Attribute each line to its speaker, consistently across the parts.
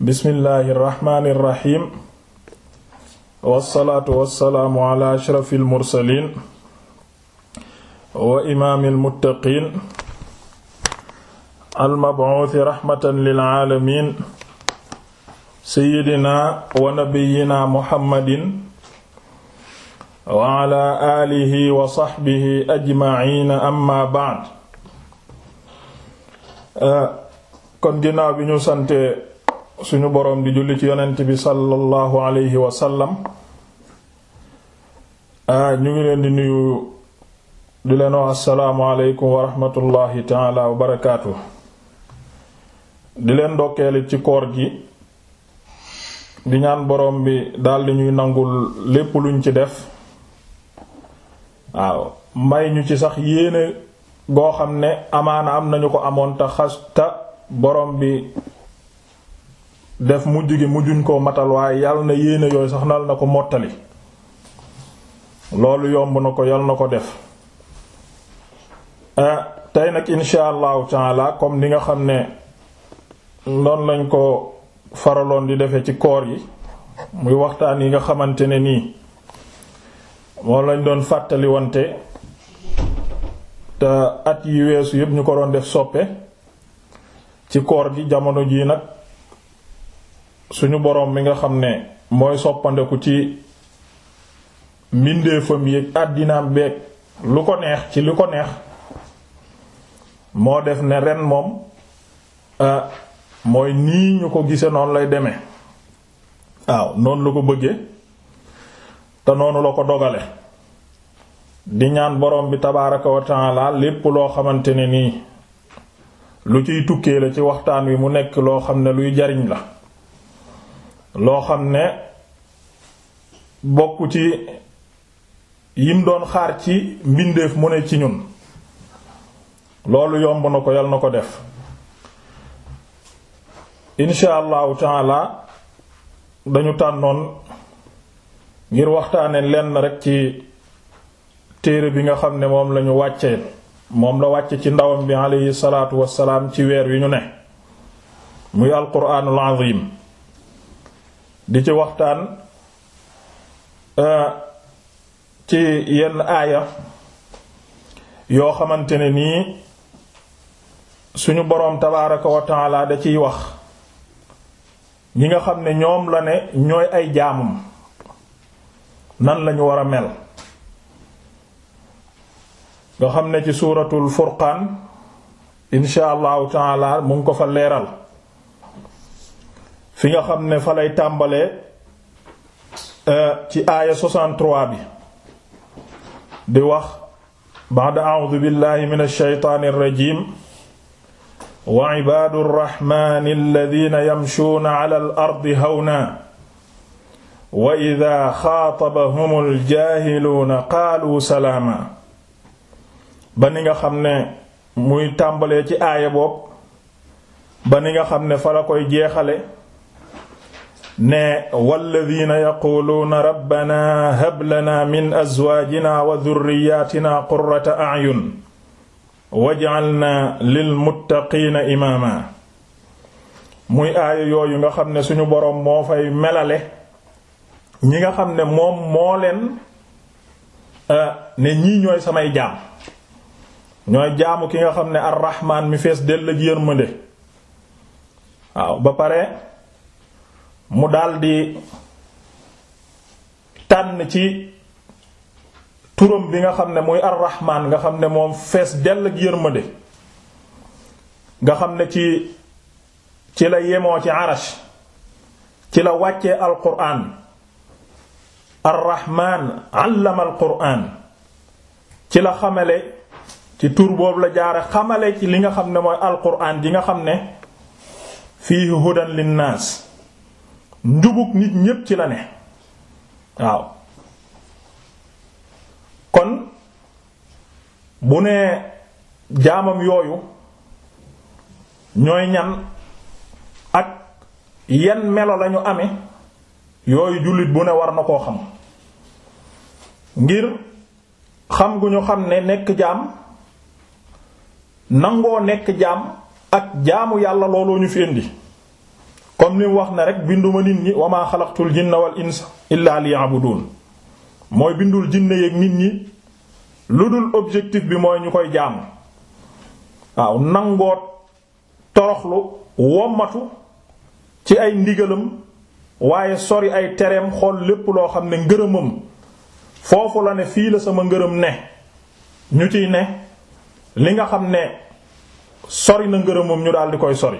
Speaker 1: bismillahi irrahmani irrahim
Speaker 2: wassalaatu wassalaamu ala ashrafi almursalin wa imaami almuttaqiin almabuuti raxmatan lilaalamin seyidina wa nabiyina muhammadin wa ala alihi wa saxbihi ajmaciina amma baad kon ginnaaw bi ñu sante suñu borom di julli ci yonent bi sallallahu alayhi wa sallam ah, ñu ngi leen di nuyu di leen wax assalaamu alaykum wa rahmatullahi taala di leen ndokkeeli ci koor gi di ñaan boroom bi daldi ñuy nangul
Speaker 1: lépp luñ ci def waaw may ñu ci sax yéene goo xam ne amaana am nañu ko amoon te xas ta boroom bi def mujj gi mujjuñ koo matal waaye yàlla na yéene yooyu sax nal na ko mottali loolu yomb na ko yàlla na ko def
Speaker 2: eh, tey nag insha allahu taala comme ni nga xam ne noonu lañ ko faraloon di defe ci koor yi muy waxtaan yi nga xamante
Speaker 1: ne nii moom lañ doon fàttali wante te at yi weesu yépp ñu ko doon def soppe ci koor gi jamono jii nag suñu borom mi nga xam ne mooy soppandeku ci mbindeefam yéeg àddinaam beeg lu ko neex ci lu ko neex moo def ne ren moom euh, mooy nii ñu ko gise noonu lay demee waaw noonu la ko bëggee te noonu la ko dogale di ñaan borom bi tabaaraka wa laa lépp loo xamante ne nii lu ciy tukkee la ci waxtaan wi mu nekk loo xam ne luy jariñ la loo xam ne bokk ci yim doon xaar ci mbindeef mu ne ci ñun loolu yomb na ko yal na ko def insha allahu taala dañu tànnoon ngir waxtaane lenn rekk ci téere bi nga xam ne moom lañu wàcce moom la wàcce ci ndawam bi aleyhi salaatu wassalaam ci weer wi ñu ne muy alquraanul azim di ci waxtaan euh, ci yenn aaya yoo xamante ne nii suñu boroom tabaaraka wa taala da ciy wax ñi nga xam ne ñoom la ne ñooy ay jaamam nan lañu war a mel nga xam ne ci suuratul furqaan insha allahu taala mu ko fa leeral fi nga xam ne falay lay euh, ci aaya 63 bi di wax ba'da a'udhu billahi minash shaytaanir rajiim wa ibaadu rrahmaani
Speaker 2: alladhiina yamshuuna 'alal ardi hawnan wa idhaa xaatabahumul jaahiluuna qaaluu salaaman ba
Speaker 1: ni nga xam ne muy tàmbalee ci aaya boobu ba ni nga xam ne fa
Speaker 2: la koy jeexale ne walladina yaquluuna rabbana hab lana min azwaajina wa durriyaatina qurrata ayun waj'alna lilmuttaqiina imaama
Speaker 1: muy aaya yooyu nga xam ne suñu boroom moo fay melale ñi nga xam ne moom moo leen ne ñii ñooy samay jaam ñooy jaamu ki nga xam ne arrahmaan mi fees dell ak yërmande waaw ba pare mu daldi tànn ci turam bi nga xam ne muy arrahman nga xam ne moom fees dell ak yërmande nga xam ne ci ci la yemoo ci arash ci la wàccee alquran arrahman allama alquran ci la xamale ci tur boobu la jaare xamale ci li nga xam ne mooy alquran ji nga xam ne fiihi hudan linnaas njubug nit ñépp ci la ne waaw kon bu nee jaamam yooyu ñooy ñan ak yan melo lañu ame yooyu jullit bu ne war na koo xam ngir xam gu ñu xam ne nekk jaam nangoo nekk jaam ak jaamu yàlla looloo ñu fi indi kon ni wax na rek binduma nit ñi wa maa xalaqtul jinna wal insa illaa liya'budun mooy bindul jinne yeeg nit ñi lu dul objectif bi mooy ñu koy jaamu waaw nangoo toroxlu wommatu ci ay ndigalam waaye sori ay tereem xool lépp loo xam ne ngërëmam foofu la ne fii la sama ngërëm ne ñu ciy ne li nga xam ne sori na ngërëmam ñu daal di koy sori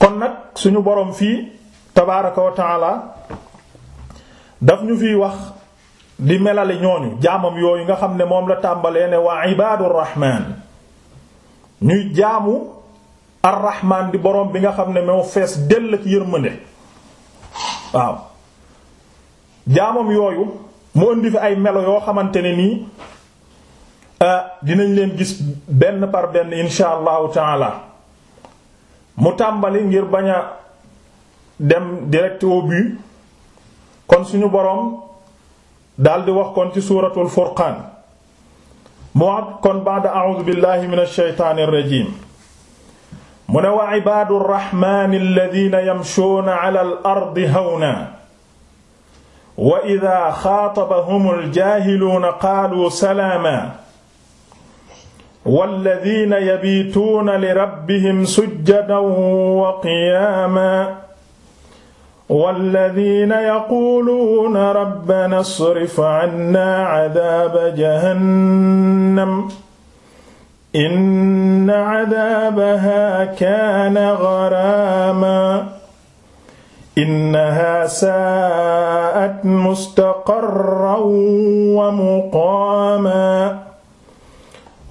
Speaker 1: kon nag suñu borom fii tabaaraka wa taala daf ñu fi wax di melale ñooñu jaamam yooyu nga xam ne moom la tàmbalee ne waa ibaadu rahmaan ñuy jaamu arrahmaan di boroom bi nga xam ne moo fees dël ci yërmande waaw jaamam yooyu mu indi fi ay melo yoo xamante ne nii ah, dinañ leen gis benn par benn insha allahu taala mu tàmbali ngir baña a dem direct au kon suñu boroom daldi wax kon ci suuratul furqaan mu wax kon ba'da a'uuzu billahi minash shaytaanir rajiim mu ne wa ibaadu rraxmaani alladiina yamshuuna alal ardi hawnan wa idaa xaatabahumul jaahiluuna qaaluu salaaman
Speaker 2: والذين يبيتون لربهم سجدا وقياما والذين يقولون ربنا اصرف عنا عذاب جهنم إن عذابها كان غراما إنها ساءت مستقرا ومقاما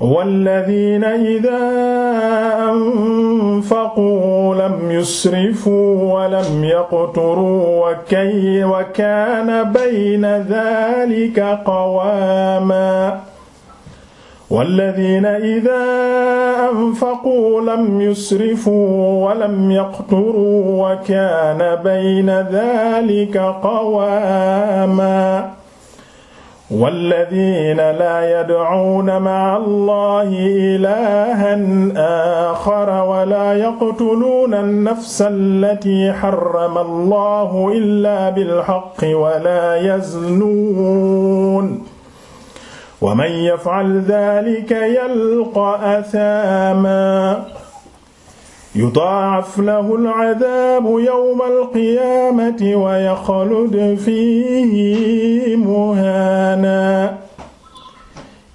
Speaker 2: والذين إذا أنفقوا لم يسرفوا ولم يقتروا وكي وكان بين ذلك قواما والذين إذا أنفقوا لم يسرفوا ولم يقتروا وكان بين ذلك قواما walladina laa yad'uuna ma'a allahi ilahan axara wala yaqtuluuna an-nafsa allati harrama allahu illa bilhaqqi wala yaznuun wa man yaf'al dhaalika yalqa athaaman yud'af lahu al'adaabu yawma alqiyaamati wa yaxlud fiihi muhaana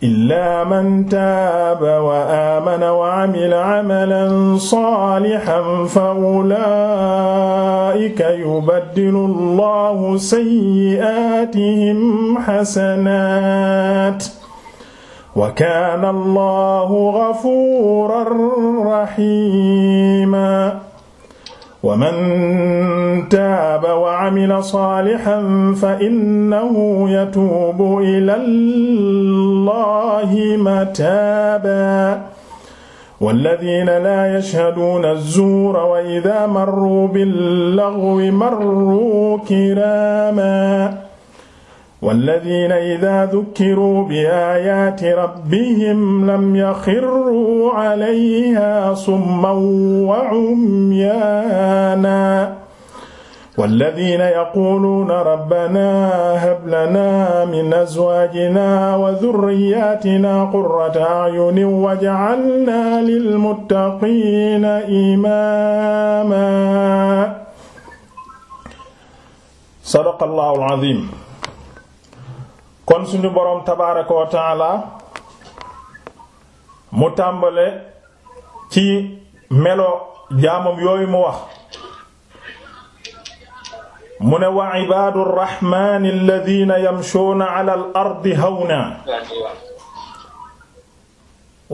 Speaker 2: illaa man taaba wa aamana wa 'amila 'amalan saalihan fa ulaa'ika yubaddilu allahu sayyi'aatihim hasanaat wa kaana allahu gafuuran rahiima wa man taaba wa camila saalihan fa innahu yatuubu ila allahi mataaba walladiina laa yashhaduuna zuura wa idaa marruu bil lagwi marruu kiraaman walladiina idaa dukkiruu bi aayaati rabbihim lam yaxirruu alayhaa summan wa umyaana walladiina yaquuluuna rabbanaa hab lanaa min azwaajinaa wa durriyaatinaa qurrata a'yunin waj'alnaa lilmuttaqiina imaaman. Sadaqallaahu al-aziim. kon suñu boroom tabaaraka wa taala
Speaker 1: mu tàmbale ci melo jaamam yooyu mu wax mu ne wa ibaadu rraxmaani alladina yamshuuna ala al ardi hawna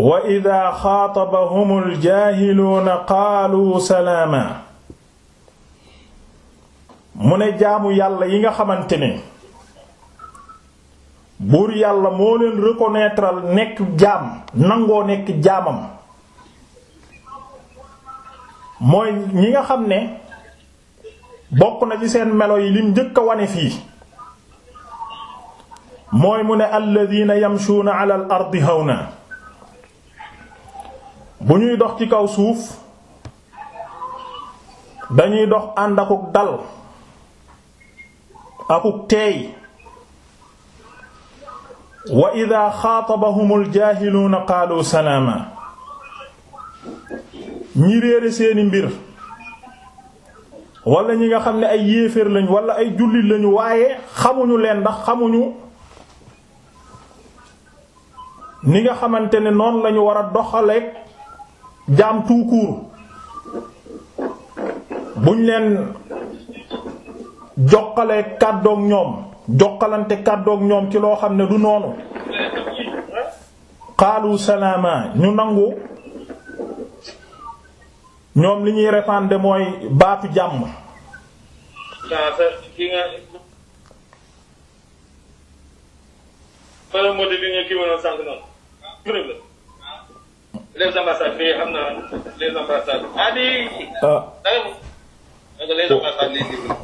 Speaker 1: wa ida xaatabahum aljaahiluuna qaalu salaama mu ne jaamu yàlla yi nga xamante ne buur yàlla moo leen reconnaître nekk jaam nangoo nekk jaamam mooy ñi nga xam ne bokk na ci seen melo yi lim njëkk a wane fii mooy mu ne alladina yamshuuna ala al ardi hawna bu ñuy dox ci kaw suuf dañuy dox ànd akuk dal akuk teey wa idha xaatabahumul jaahiluuna qaalu salaama ñi réere seeni mbir wala ñi nga xam ni ay yéeféer lañ wala ay jullit lañu waaye xamuñu leen ndax xamuñu ni nga xamante ne noonu lañu war a doxaleek jaam tout court buñ leen joxaleek kàddoog ñoom jokkalante kàddook ñoom ci loo xam ne du noonu xaalu salaama ñu nangu ñoom li ñuy répandre mooy baatu jàmm
Speaker 2: les xam naa les ambassades.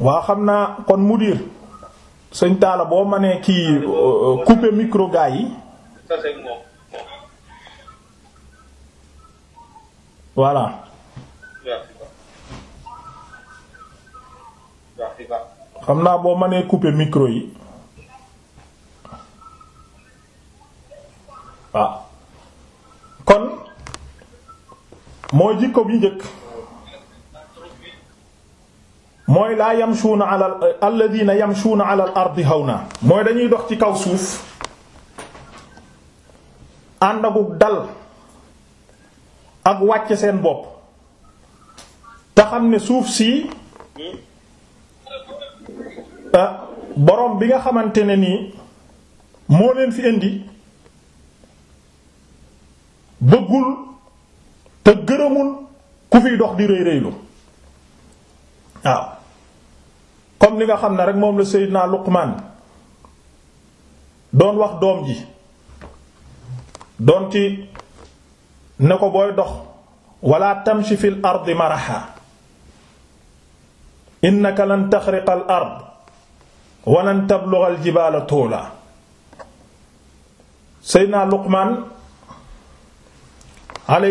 Speaker 1: ah. kon mudir sëñ Talla boo mënee kii euh, euh, couper micro gaa yi. voilà. xam naa boo mënee couper micro yi. waaw ah. kon mooy jikko bi jëkk mooy laa yamshuuna ala alladina yamshuuna ala al xaw hawna mooy dañuy dox ci kaw suuf ànd dal ak wàcce seen bopp te xam ne suuf si ah, borom bi nga xamante ne nii moo leen fi indi bëggul te gërëmul ku fiy dox di rëy rëylu waaw comme li nga xam ne rek moom la Seydina Luqman doon wax doom ji doon ci ne ko booy dox walla tamshi fil ardi maraha innaka lan taxriqa al ard wa lan tablugha al jibala toola Seydina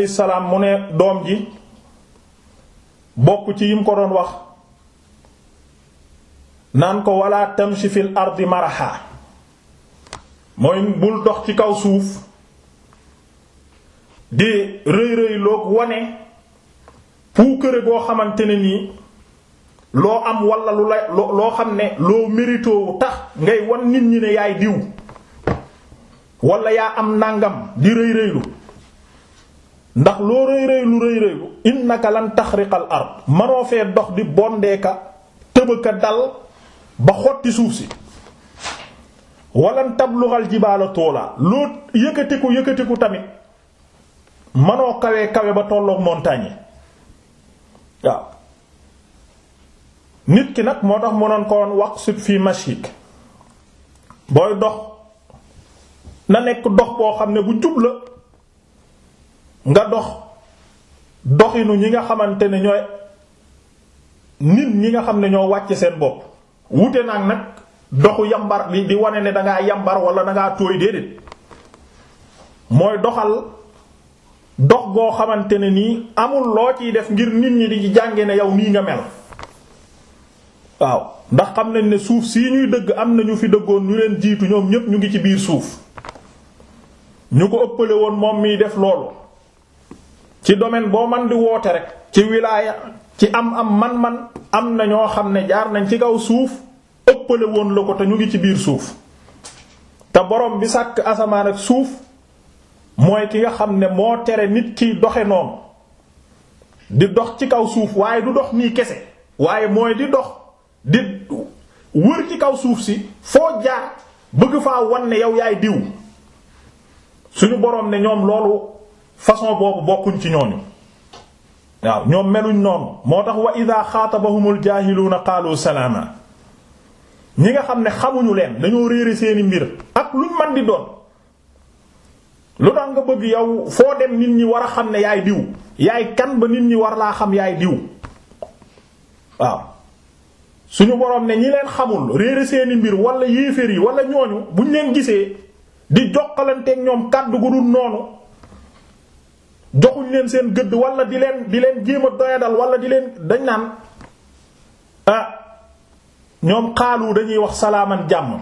Speaker 1: salaam mu ne doom ji bokk ci yim ko doon wax naan ko wala tamshi fil ardi maraha mooy bul dox ci kaw suuf di rëy rëy loog wane puukare boo xamante ne nii loo am wala lu la loo xam ne loo mérito tax ngay wan nit ñi ne yaay diw wala yaa am nàngam di rëy rëylu ndax loo rëy rëylu rëy rëylu innaka lan taxriqal ard manoo fee dox di bondeeka tëbëka dal ba xotti suuf si walan tablughal jibaala toolaa loo yëkkatiku yëkkatiku tamit manoo kawe kawe ba tolloog montagne waaw nit ki nag moo tax mënoon ko woon waqsib fii mashik booy dox na nekk dox boo xam ne bu jub la nga dox doxinu ñi nga xamante ne ñooy nit ñi nga xam ne ñoo wàcc seen bopp wute nag nag doxu yambar di wane ne dangaa yambar wala dangaa tooy déedéet mooy doxal dox goo xamante ne nii amul loo ciy def ngir nit ñi di jànge ne yow nii nga mel waaw ndax xam nañ ne suuf sii ñuy dëgg am na ñu fi dëggoon ñu leen jiitu ñoom ñépp ñu ngi ci biir suuf ñu ko ëppale woon moom miy def loolu ci domaine boo man di woote rek ci wilaaya ci am am man man am na ñoo xam ne jaar nañ ci kaw suuf ëppale woon la ko te ñu ngi ci biir suuf te boroom bi sàkk asamaan ak suuf mooy ki nga xam ne moo tere nit kiy doxe noonu di dox ci kaw suuf waaye du dox nii kese waaye mooy di dox di wër ci kaw suuf si foo jaar bëgg faa wan ne yow yaay diw suñu boroom ne ñoom loolu façon boobu bokkuñ ci ñooñu waaw ñoom meluñ noonu moo tax wa isa idha xaatabahumul na qaalu salaama ñi nga xam ne xamuñu leen dañoo réere seeni mbir ak luñ man di doon lu tax nga bëgg yow foo dem nit ñi war a xam ne yaay diw yaay kan ba nit ñi war laa xam yaay diw waaw suñu boroom ne ñi leen xamul réere seeni mbir wala yéeféer yi wala ñooñu buñ leen gisee di jokkalanteeg ñoom kàddu gu noonu joxuñ leen seen gëdd walla di leen di leen jéem doyadal wala di leen dañ naan ah, ñoom xaalu dañuy wax salaaman jàmm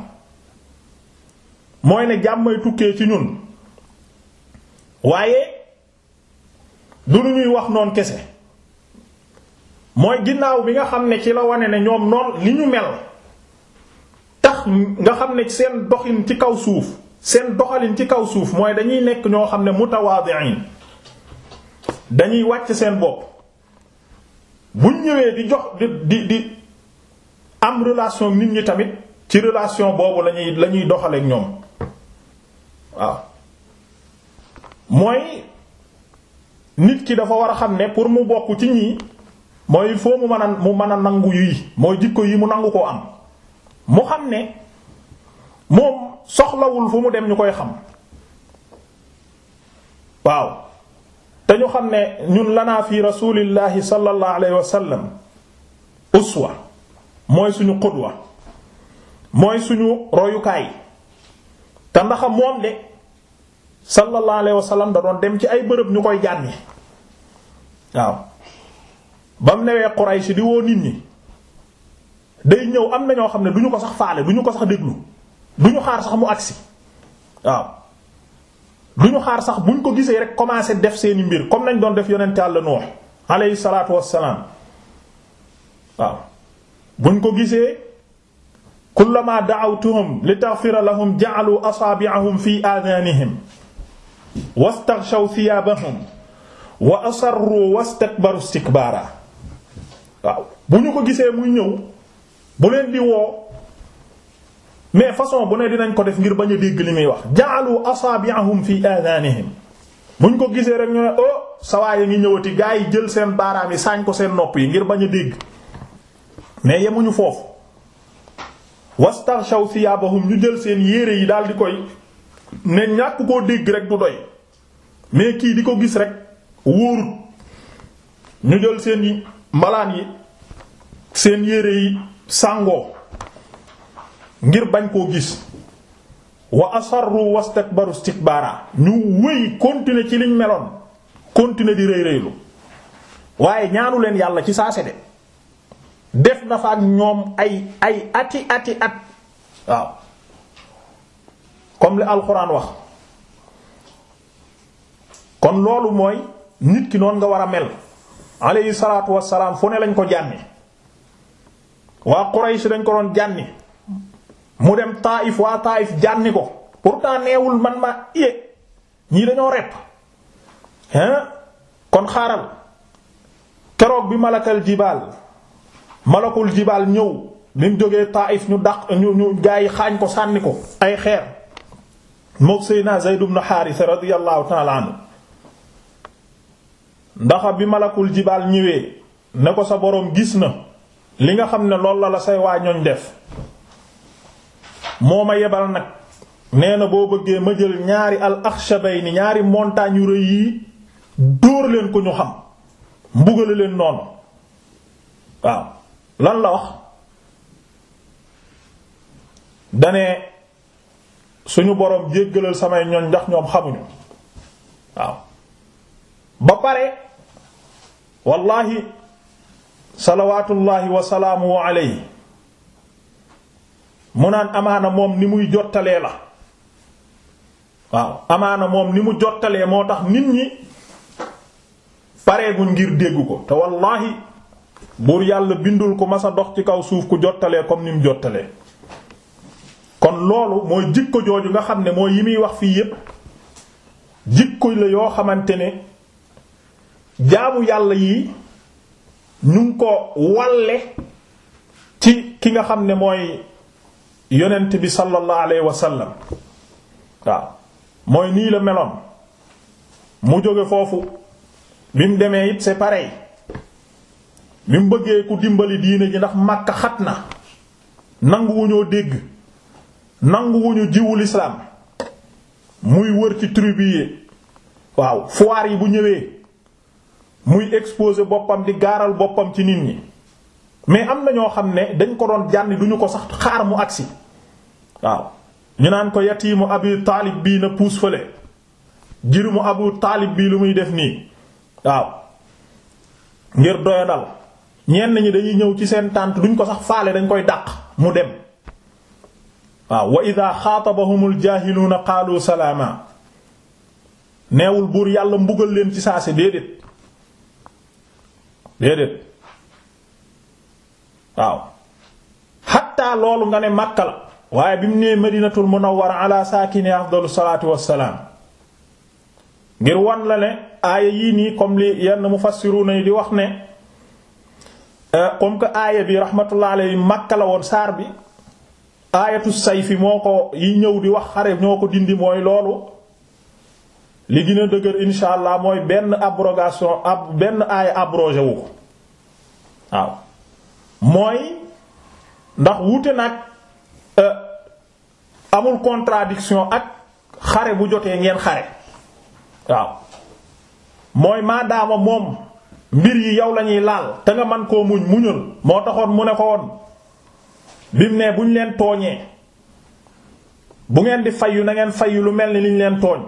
Speaker 1: mooy ne jàmmay tukkee ci ñun waaye du lu ñuy wax noon kese mooy ginnaaw bi nga xam ne ci la wane ne ñoom noon li ñu mel tax nga xam ne seen doxin ci kaw suuf seen doxalin ci kaw suuf mooy dañuy nekk ñoo xam ne mutawaadi'in dañuy wàcc seen bopp bu ñëwee di jox di di di am relation nit ñi tamit ci relation boobu lañuy la doxaleek ñoom waaw mooy nit ki dafa war a xam ne pour mu bokk ci ñii mooy il faut mu mën a mu mën a nangu yi mooy jikko yi mu nangu koo am mu xam ne moom soxlawul fu mu dem ñu koy xam waaw te ñu xam ne ñun lanaa fi rasulillahi sallallahu alayhi wa sallam uswa mooy suñu qudwa mooy suñu royukaay te ndax moom de sallallahu alayhi wa da doon dem ci ay bërëb ñu koy jànni waaw ba mu newee Quraysh di woo nit ñi day ñëw am na ñoo xam ne duñu ñu ko sax faale du ko sax déglu du ñu xaar sax mu agsi waaw lu ñu xaar sax buñ ko gisee rek commencé def seeni mbir comme nañ doon def yonent Yàlla Nuux alayhi salaatu wassalaam waaw buñ ko gisee kullama da'awtuhum litaghfira lahum ja'alu asaabi'ahum fi aadanihim wastaghshaw thiyaabahum wa asarru wastakbaru istikbaara waaw bu ñu ko gisee muy ñëw bu leen di mais façon bu ne dinañ ko def ngir bañ a dégg li muy wax ja'alu asabi'ahum fi adanihim buñ ko gisee rek ñu ne oh sawaay a ngi ñëwati gaa yi jël seen baaraam yi saañ ko seen nopp yi ngir bañ a dégg mais yemuñu foofu wastarshaw thiyabahum ñu jël seen yére yi daal di koy ne ñàkk koo dégg rek du doy mais kii di ko gis rek wóorut ñu jël seen malaan yi seen yére yi sàngoo ngir bañ koo gis wa asarru wastakbaru istikbara ñu wéy continuer ci liñ meloon continuer di rëy rëylu waaye ñaanu leen yàlla ci saa sede def na fa ak ñoom ay ay ati ati at waaw comme li alxuraan wax kon loolu mooy nit ki noon nga war a mel alayhi salaatu wassalaam fu ne lañ ko jànni waa Quraysh dañ ko doon jànni mu dem Taif waa Taif jànni ko pour pourtant neewul man ma iye ñii dañoo repp hein kon xaaral keroog bi malakal jibaal malakul jibaal ñëw bi mu jógee Taif ñu daq ñu ñu gaa yi xaañ ko sànni ko ay xeer mook Seydina na xaari Haarisa radiyallahu ta'ala anhu ndaxa bi malakul jibaal ñëwee ne ko sa boroom gis na li nga xam ne loolu la la say waa ñooñ def moo ma yebal nag nee na boo bëggee ma jël ñaari al axshabayni ñaari montagnes yu rëy yi dóor leen ko ñu xam mbugale leen noonu waaw lan la wax dane suñu boroom jéggalal samay ñoñ ndax ñoom xamuñu waaw ba pare wallahi salawatullahi wa salaamuhu alayhi mu naan amaana moom ni muy jottalee la waaw amaana moom ni mu jottalee moo tax nit ñi pareeguñ ngir dégg ko te wallaahi buur yàlla bindul ko masa dox ci kaw suuf ku jottalee comme ni mu jottalee kon loolu mooy jikko jooju nga xam ne mooy yi muy wax fii yépp jikko la yoo xamante ne jaamu yàlla yi ñu ngi ko walle ci ki nga xam ne mooy yonent bi sallallahu alayhi wa sallam waaw mooy nii la meloon mu jóge foofu bi mu demee it c'est pareil bi mu bëggee ku dimbali diine ji ndax Makka xat na nanguwuñoo dégg nanguwuñu jiwu lislaam muy wër ci tribu yi waaw foire yi bu ñëwee muy exposer boppam di gaaral boppam ci nit ñi mais am na ñoo xam ne dañ ko doon jànni duñu ko sax xaar mu agsi waaw ñu naan ko yatiimu abi taalib bii na puus fële jirumu abu taalib bii lu muy def nii waaw ngir doyadal ñenn ñi dañuy ñëw ci seen tànt duñ ko sax faale dañ koy dàq mu dem waaw wa ida xaatabahumul jaahiluuna qaalu salaama neewul buur yàlla mbugal leen ci saa si déedéet déedéet waaw xatta loolu nga ne màkka la waaye bi mu nee madinatul munawwara ala saakini afdalu salaatu wassalaam ngir wan la ne aaya yii nii comme li yenn mufassiruna yi di wax ne euh, comme que aaya bi rahmatullah alayhi Makka la woon saar bi aayatu sayfi moo ko yi ñëw di wax xare ñoo ko dindi mooy loolu li gën a dëgër insha allah mooy benn abrogation ab benn ko waaw mooy ndax wuute nag euh, amul contradiction ak xare bu jotee ngeen xare waaw mooy maadaama moom mbir yi yow lañuy laal te nga man koo muñ muñul moo taxoon mu ne ko woon bim ne buñ leen tooñee bu ngeen di fayyu na ngeen fayyu lu mel ni liñ leen tooñ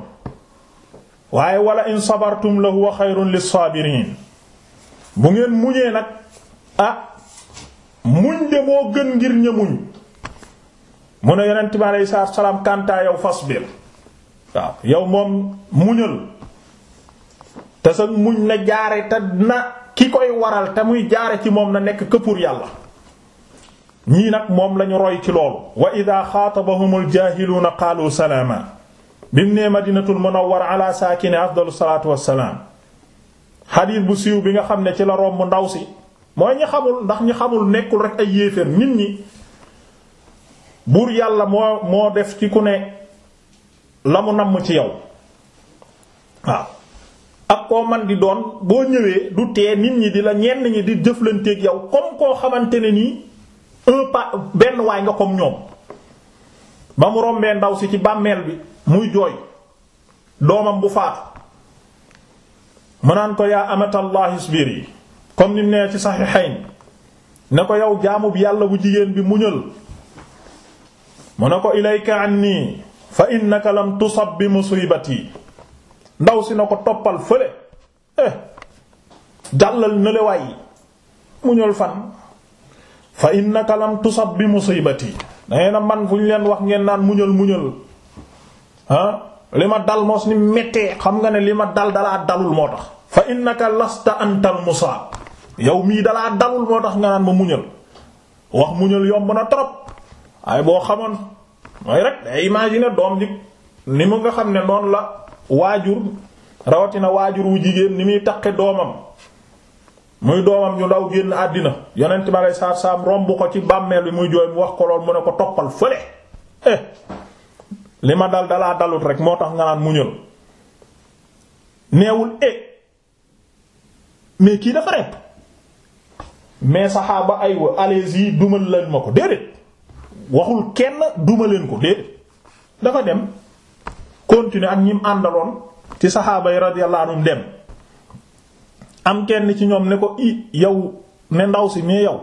Speaker 1: waaye wala in sabartum la huwa xayrun bi saabiriin bu ngeen muñee nag ah muñ de moo gën ngir ña mu ne yonent bi saa salaatu salaam kantaa yow fasbir waaw yow moom muñal te sa muñ na jaare te na ki koy waral te muy jaare ci moom na nekk que pour yàlla ñii nag moom lañu roy ci loolu wa idaa xaatabahumul jaahiluuna qaalu salaama bim nee madinatul munawwara ala saakini afdalu salaatu wassalaam xadiis bu siiw bi nga xam ne ci la romb ndaw si mooy ñi xamul ndax ñi xamul nekkul rek ay yéeféer nit ñi buur yàlla moo moo def ci ku ne la mu namm ci yow ak koo man di doon boo ñëwee du tee nit ñi di la ñenn ñi di jëflanteeg yow comme koo xamante ne nii un pas benn waay nga comme ñoom ba mu rombee ndaw si ci bàmmeel bi muy jooy doomam bu faatu mu naan ko yaa amatallahi isbiri comme ni nee ci saxiixayn ne ko yow jaamub yàlla bu jigéen bi muñal mu ne ko ilayka nii fa innaka lam tusab bi yi ndaw si na ko toppal fële eh jàllal na le waay fan fa innaka lam tusab bi musibati dangeen a man fu ñu leen wax ngeen naan muñal muñal ah li ma dal mos ni méttee xam nga ne li ma dal dalaa dalul moo tax fa innaka lasta antal musaab yow mii dalaa dalul moo tax nga naan ma muñal wax muñal yomb na trop ay boo xamoon mooy rek day imaginer doom ji ni mu nga xam ne noonu la waajur rawatina waajur wu jigéen ni muy taqe doomam muy doomam yu ndaw génn àddina yonent ma lay saar saam romb ko ci bàmmeel bi muy jooy mu wax ko lool mu ne ko toppal fële eh li ma dal dalaa dalut rek moo tax nga naan muñal neewul eh mais kii dafa rek mais saxaaba aywa allez yi dumal lañ ma ko déedéet waxul kenn duma leen ko déedéet dafa dem continuer ak ñim àndaloon ci saxaaba yi radiyallahu dem am kenn ci ñoom ne ko i yow ne ndaw si mais yow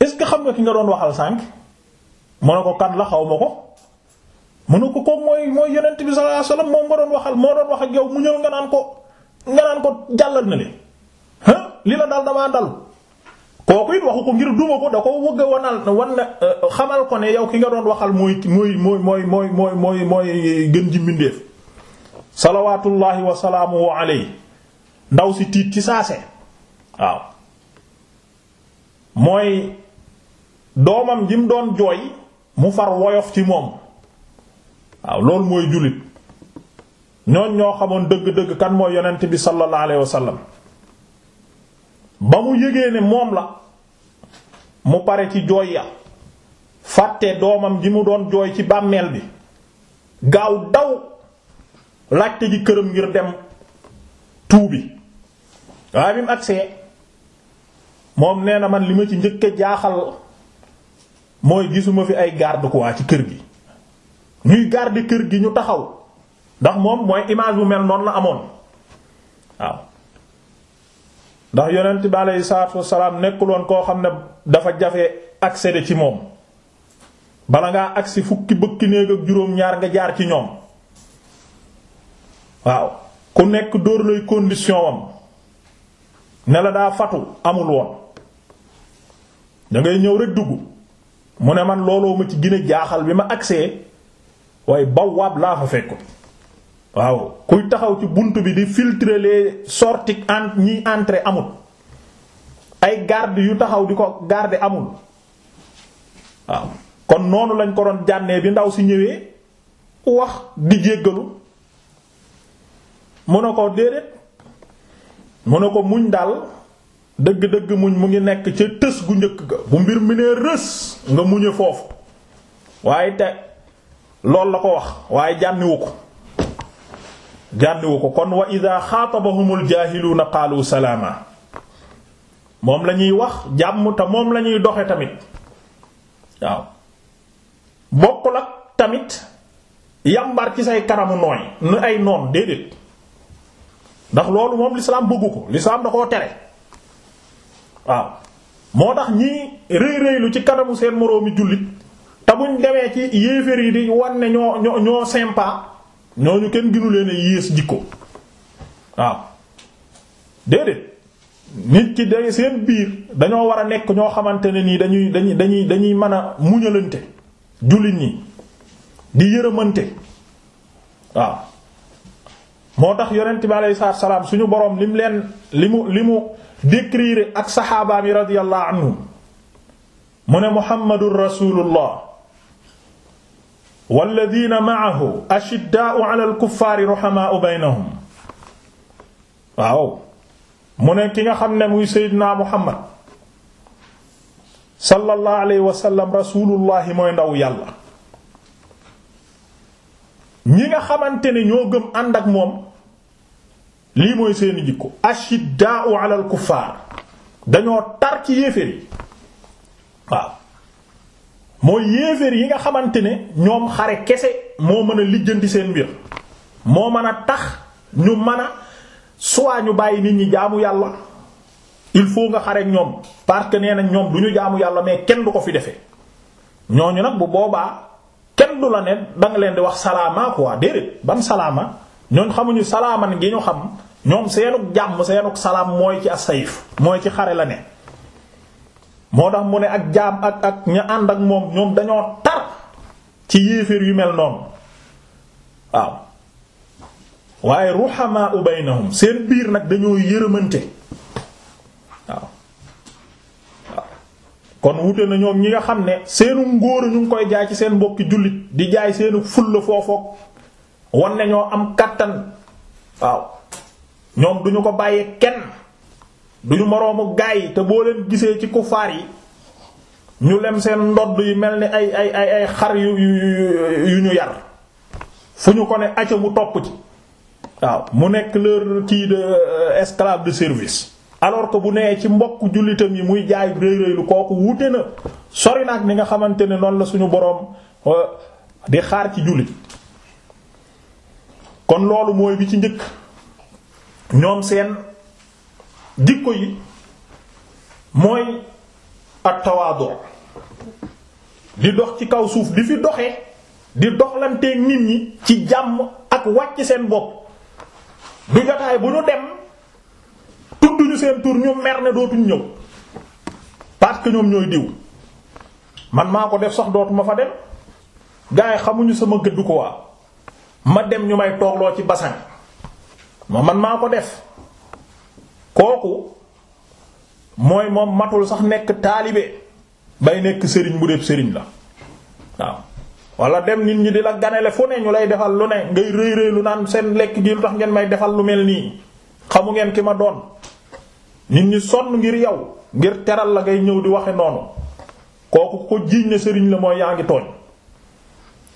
Speaker 1: est-ce que xam nga ki nga doon waxal sànq mu ne ko kan la xaw ma ko mu ne ko ko mooy mooy yonent bi sallallahu alayhi wasallam moom nga doon waxal moo doon wax ak yow mu ñëw nga naan ko nga naan ko jàllal na le li la dal damaa dal kooku it waxu ko ngir duma ko da ko wëgg a wanal wan euh, xamal ko ne yow ki nga doon waxal mooy mooy mooy mooy mooy mooy mooy mooy gën ji mbindeef salawatullahi wasalaamuhu alayhi ndaw si tiit ci saase mooy doomam ji mu doon jooy mu far woyof ci moom waaw loolu mooy jullit ñooñ ñoo xamoon dëgg-dëgg kan mooy yonent bi sallallahu alayhi wa sallam ba mu yëgee ne moom la mu pare ci jooy ya fàtte doomam ji mu doon jooy ci bàmmeel bi gaaw daw laajte ji këram ngir dem tuubi waaye bi mu agsee moom nee na man li ma ci njëkk jaaxal mooy gisuma fi ay garde quoi ci kër gi ñuy garde kër gi ñu taxaw ndax moom mooy image bu mel noonu la amoon waaw ndax yonent bi aleyhi salaatu wasalaam nekkuloon koo xam ne dafa jafe accéder ci moom bala ngaa agsi fukki bëkki néeg ak juróom-ñaar nga jaar ci ñoom waaw ku nekk dóor lay condition ne la daa fatu amul woon dangay ñëw rekk dugg mu ne man looloo ma ci gën jaaxal bi ma agsee waaye bawaab laa fa fekk waaw kuy taxaw ci bunt bi di filtre les sorties en ñiy entrer amul ay garde yu taxaw di ko garde amul waaw kon noonu lañ ko doon jànnee bi ndaw si ñëwee wax di jéggalu mu ne ko déedéet mu ne ko muñ daal dëgg-dëgg muñ mu ngi nekk ca tës gu njëkk ga bu mbir mi nee rës nga muñe foofu waaye te loolu la ko wax waaye jànniwu ko jànniwu ko kon wa ida xaatabahumul na qaalu salaama moom lañuy wax jàmm te moom la ñuy doxe tamit waaw bokkul ak tamit yambar ci say kanamu nooy nu ay noon déedéet ndax loolu moom lislaam bëggu ko lislaam da koo tere waaw moo tax ñii rëy rëylu ci kanamu seen moroomi jullit te buñ demee ci yéeféer yi di wan ne ñoo ñoo ñoo ñooñu kenn gënu leen yées jikko waaw déedéet nit ki day seen biir dañoo war a nekk ñoo xamante ne nii dañuy dañuy dañuy dañuy mën a muñalante jullit ñi di yërëmante waaw moo tax yonent bi alayhi salaatu suñu boroom li mu leen li mu li mu décrire ak saxaabaam yi radiyallahu anhum mu ne muhammadur rasulullah walladina maahu ashiddaau ala alkuffaari ruhamaau baynahum waaw mu ne ki nga xam ne muy seydina muhammad sallallahu alayhi wa sallam rasulullahi mooy ndaw yàlla ñi nga xamante ne ñoo gëm ànd ak moom lii mooy seeni jikko ashiddaau ala alkuffaar dañoo tar ci yéeféer yi waaw mooy yéeféer yi nga xamante ne ñoom xare kese moo mën a lijjanti seen mbir moo mën a tax ñu mën a soit ñu bàyyi nit ñi jaamu yàlla il faut nga xare ñoom parce que nee na ñoom du ñu jaamu yàlla mais kenn du ko fi defee ñooñu nag bu boobaa kenn du la ne da leen di wax salaama quoi déedéet ban salaama ñoon xamuñu salaaman gi ñu xam ñoom seenug jàmm seenug salaam mooy ci asayif mooy ci xare la ne moo tax mu ne ak jaam ak ak ña ànd ak moom ñoom dañoo tar ci yéeféer yu mel noonu waaw waaye ruhamaa baynahum seen biir nag dañoo yërëmante waaw kon wute na ñoom ñi nga xam ne seenu ngóor ñu ngi koy jaay ci seen mbokki jullit di jaay seenu fulla foofook wan ne ñoo am kàttan waaw ñoom duñu ko bàyyee kenn duñu moroomu gaay te boo leen gisee ci kufaar yi ñu lem seen ndodd yi mel ni ay ay ay xar yu yu ñu yar fu ñu ko ne acca mu topp ci waaw mu nekk leur kii de euh, esclave de service alors que bu nee ci mbokk jullitam yi muy jaay rëy rëylu kooku wute na sori ni nga xamante ne noonu la suñu boroom euh, di xaar ci jullit kon loolu mooy bi ci njëkk ñoom seen dikko yi mooy at tawaadu di dox ci kaw suuf di fi doxee di doxlanteeg nit ñi ci jàmm ak wàcc seen bopp du bu ñu dem tudduñu seen tur ñu mer ne dootuñ ñëw parce que ñoom ñooy diw man maa ko def sox dootuma fa dem gars yi xamuñu sama gëdd ko waa ma dem ñu may toogloo ci basan moo man maa ko def kooku mooy moom matul sax nekk taalibe bay nekk sëriñ bu def sëriñ la waaw wala dem nit ñi di la ganale fu ne ñu lay defal lu ne ngay rëy rëy lu naan seen lekk gi lu tax ngeen may defal lu mel nii xamu ngeen ki ma doon nit ñi sonn ngir yow ngir teral la ngay ñëw di waxe noonu kooku ko jiiñ ne sëriñ la mooy yaa ngi tooñ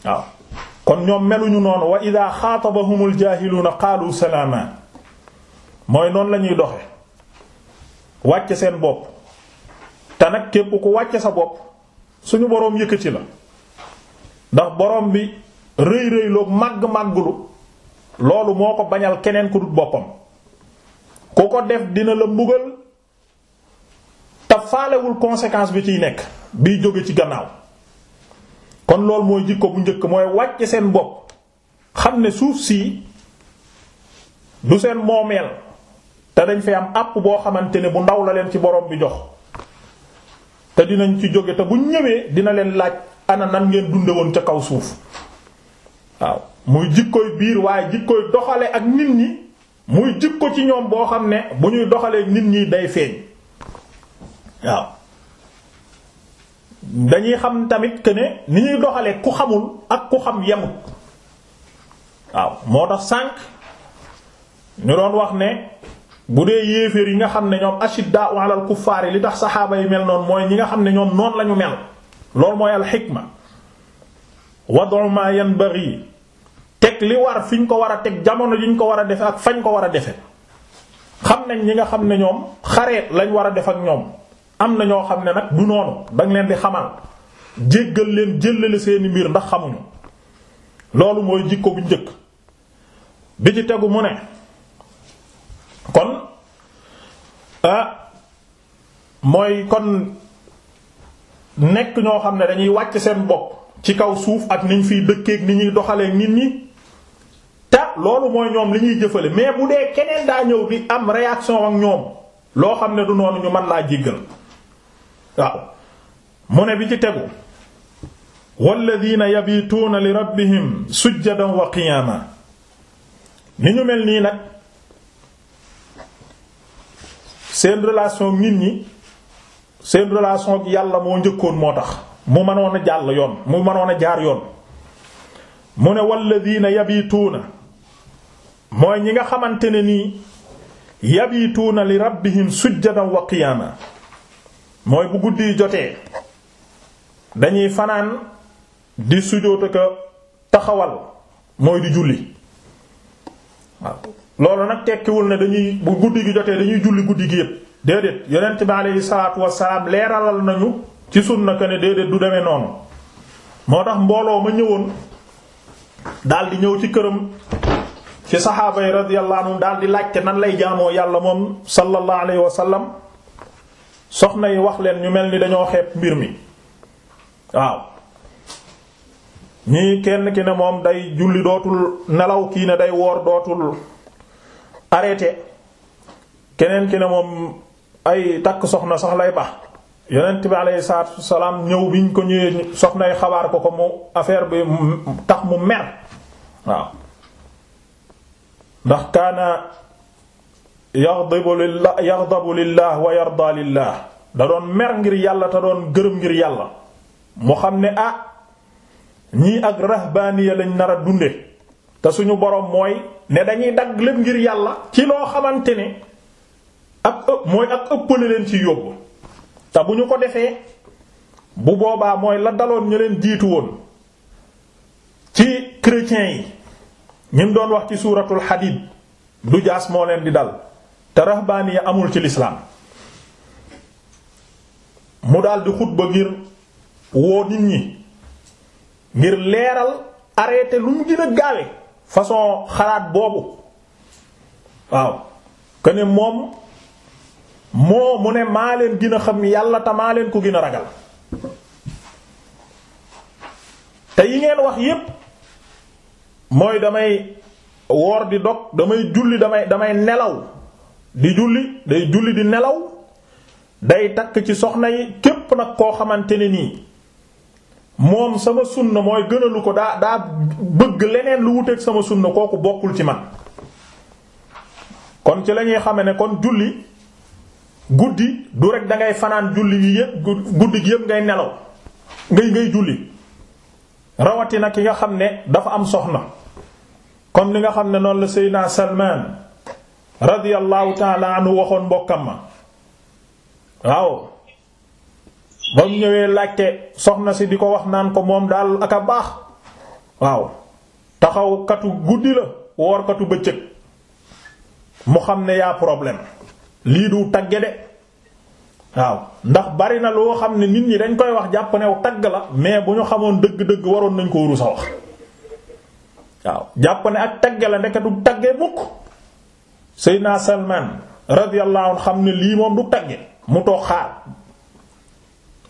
Speaker 1: waaw kon ñoom meluñu noonu wa ida xaatabahumul jaahiluuna qaalu salaama mooy noonu lañuy ñuy doxe wàcce seen bopp te nag képp ku wàcce sa bopp suñu boroom yëkkati la ndax boroom bi rëy rëy màgg màggulu loolu moo ko bañal keneen ku boppam ku ko def dina la mbugal te faalewul conséquence bi ciy nekk biy jóge ci gannaaw kon loolu mooy jikko bu njëkk mooy wàcce seen bopp xam ne suuf sii du seen moomeel te dañ fay am àpp boo xamante ne bu ndaw la leen ci boroom bi jox te dinañ ci jóge te bu ñëwee dina leen laaj ana nan ngeen dunde woon ca kaw suuf waaw muy jikkoy biir waaye koy doxale ak nit ñi muy ko ci ñoom boo xam ne bu ñuy doxalee nit ñi day feeñ waaw dañuy xam tamit que ni ñuy doxalee ku xamul ak ku xam yemut waaw moo tax sànq ñu doon wax ne bu dee yéeféer yi nga xam ne ñoom ashidda alal kuffaar yi li tax saxaaba yi mel noonu mooy ñi nga xam ne ñoom noonu lañu mel loolu mooy alxikma wadu ma yanbaghi teg li war fi ñu ko war a teg jamono ji ko war a defe ak fañ ko war a defe xam nañ ñi nga xam ne ñoom xareet lañ war a def ak am na ñoo xam ne nag du noonu leen di xamal jéggal leen jëlale seeni mbir ndax xamuñu loolu mooy jikko njëkk bi ci tegu mu ne kon ah, mooy kon nekk ñoo xam ne dañuy wàcc seen bopp ci kaw suuf ak niñ fiy dëkkeek ni ñuy doxalee nit ñi te loolu mooy ñoom li ñuy jëfale mais bu dee keneen daa ñëw di am réaction ak ñoom loo xam ne du noonu ñu mën laa jéggal waaw mu ne bi ci tegu walladina yabituuna li rabbihim sujjadan wa qiyaama ni ñu mel nii nag seen relation nit ñi seen relation ak yàlla moo njëkkoon moo tax mu mënoon a jàll yoon mu mënoon a jaar yoon mu ne walladina yabituuna mooy ñi nga xamante ne nii yabituuna li rabbihim sujjadan wa qiyaama mooy bu guddi jotee dañuy fanaan di sujjóot ak taxawal mooy di julli loolu nag tekkiwul ne dañuy bu guddi gi jotee dañuy julli guddi gi yépp déedéet yonent bi aleyhi salaatu wasalaam leeralal nañu ci sunna ko ne déedéet du demee noonu moo tax mbooloo ma ñëwoon daal ñëw ci këram ci saxaaba yi radiyallahu anhum daal di laajte nan lay jaamoo yàlla moom sallallahu alayhi wa sallam soxna yi wax leen ñu mel ni dañoo xeeb mbir mi waaw ñii kenn ki ne moom day julli dootul nelaw kii ne day woor dootul arrêté keneen ki ne moom ay takk soxna sax lay baax yonent bi alayhi salaam ñëw biñ ko ñëwee soxna yi xabaar ko ko mu affaire bi tax mu mer waaw ndax kaana yaghdabu lillah yaghdabu lillah wa yarda lillah da doon mer ngir yàlla te doon gërëm ngir yàlla mu xam ne ah ñii ak rahbaaniya lañ nar a dunde te suñu boroom mooy ne dañuy dagg lépp ngir yàlla ci loo xamante ni ak ëpp mooy ak ëppale leen ci yóbbu te bu ñu ko defee bu boobaa mooy la daloon ñu leen jiitu woon ci chrétiens yi ñun doon wax ci suuratul Hadid du jaas moo leen di dal te yi amul ci lislaam mu daldi xutba ngir woo nit ñi ngir leeral arrêté lu mu gën a gaawe façon xalaat boobu waaw que moom moo mu ne maa leen dina a xam yàlla te maa leen ko gën a ragal te yi ngeen wax yépp mooy damay woor di dog damay julli damay damay nelaw di julli day julli di nelaw day takk ci soxna yi képp nag koo xamante ne nii moom sama sunna mooy gënalu ko daa daa bëgg leneen lu wuteeg sama sunna kooku bokkul ci man kon ci lañuy xame ne kon julli guddi du rek da fanaan julli gi yépp guddi gi yépp ngay nelaw ngay ngay julli rawatina ki nga xam ne dafa am soxna kon li nga xam ne noonu la Seydina Salman radiyallahu ta'ala anhu waxoon mbokkam ma waaw ba mu ñëwee laajte soxna si di ko wax naan ko moom daal ak a baax waaw taxaw katu guddi la woor katu bëccëg mu xam ne yaa problème lii du tagge de waaw ndax bari na loo xam ne nit ñi dañ koy wax jàpp ne tagg la mais bu ñu xamoon dëgg-dëgg waroon nañ ko rusa wax waaw jàpp ak tagge la ndeke du tagge mukk Seydina Salman radiyallahu anhu xam ne lii moom du tagge mu toog xaar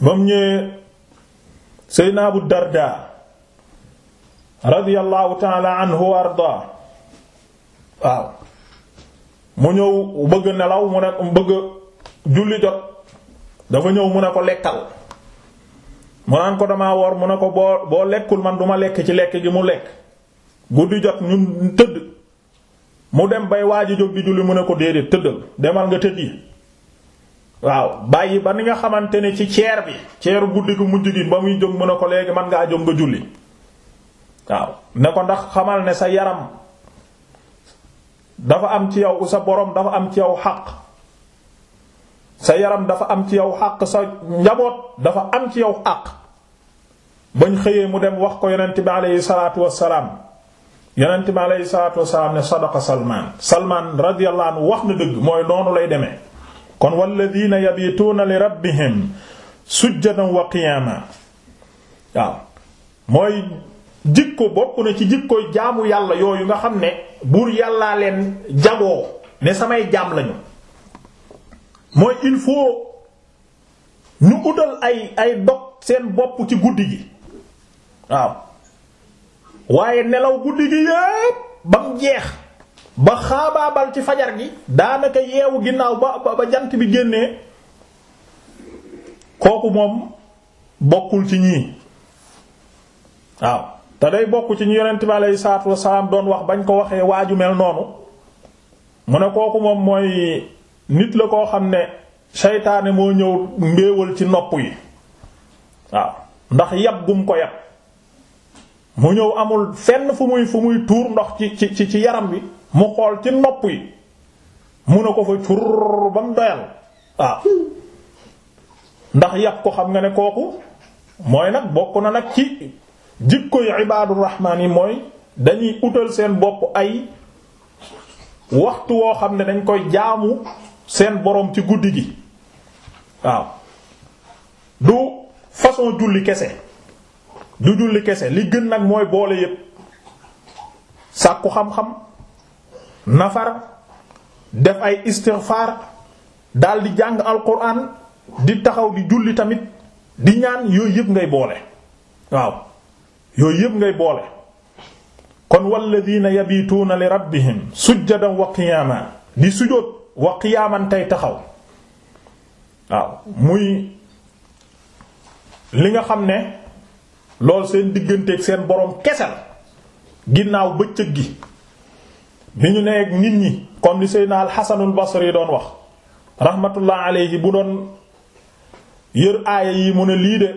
Speaker 1: ba mu ñëwee Seydina Abu Darda radiyallahu taala anhu wa ardaa waaw mu ñëw bëgg nelaw mu ne bëgg julli jot dafa ñëw mu ne ko lekkal mu naan ko damaa woor mu ne ko boo boo lekkul man duma lekk ci lekk gi mu lekk guddi jot ñun tëdd mu dem bay waaju jóg di julli mu ne ko déedéet tëddal demal nga yi waaw bàyyi ba ni nga xamante ne ci ceer bi ceeru guddi gu mujj gi ba muy jóg mu ne ko léegi man ngaa jóg nga julli waaw ne ko ndax xamal ne sa yaram dafa am ci yow sa borom dafa am ci yow xaq sa yaram dafa am ci yow xaq sa njaboot dafa am ci yow xaq bañ xëyee mu dem wax ko yonent bi aleyhi salaatu wassalaam yonent bi aleyhi salaatu wassalaam ne sadaqa salmaan salmaan radiyallahu anhu wax na dëgg mooy noonu lay demee kon walladina yabituuna li rabbihim sujjadan wa qiyaama waaw mooy jikko bokk na ci jikkoy jaamu yàlla yooyu nga xam ne buur yàllaa leen jagoo ne samay jaam lañu mooy il faut ñu utal ay ay dog seen bopp ci guddi gi waaw waaye nelaw guddi gi yépp ba mu jeex ba xaabaabal ci fajar gi daanaka yeewu ginnaaw ba ba jant bi génnee kooku moom bokkul ci ñii waaw te day bokk ci ñu yonent bi aleyhi salaatu wasalaam doon wax bañ ko waxee waaju mel noonu mu ne kooku moom mooy nit la koo xam ne seytaane moo ñëw mbéewal ci nopp yi waaw ndax yab gum ko yab mu ñëw amul fenn fu muy fu muy tuur ndox ci ci ci yaram bi mu xool ci nopp yi mu ne ko fa cur ba mu doyal waaw ah. ndax yàq ko xam nga ne kooku mooy nag bokk na nag ci jikko yu ibaadu rahmaan yi mooy dañuy utal seen bopp ay waxtu woo xam ne dañ koy jaamu seen boroom ci guddi gi waaw du façon julli kese du julli kese li gën nag mooy boole yépp sàkku xam-xam nafar def ay istighfar daal di jàng alquran di taxaw di julli tamit di ñaan yooyu yëpp ngay boole waaw yooyu yëpp ngay boole kon walladina yabituuna li rabbihim sujjadan wa qiyaama di sujjóot wa qiyaaman tey taxaw waaw muy li nga xam ne lool seen digganteeg seen boroom kesel ginnaaw bëccëg gi bi ñu nee nit ñi comme li Seydina al-Hasanul Basri doon wax rahmatullah alayhi bu doon yër aaya yi mu ne lii de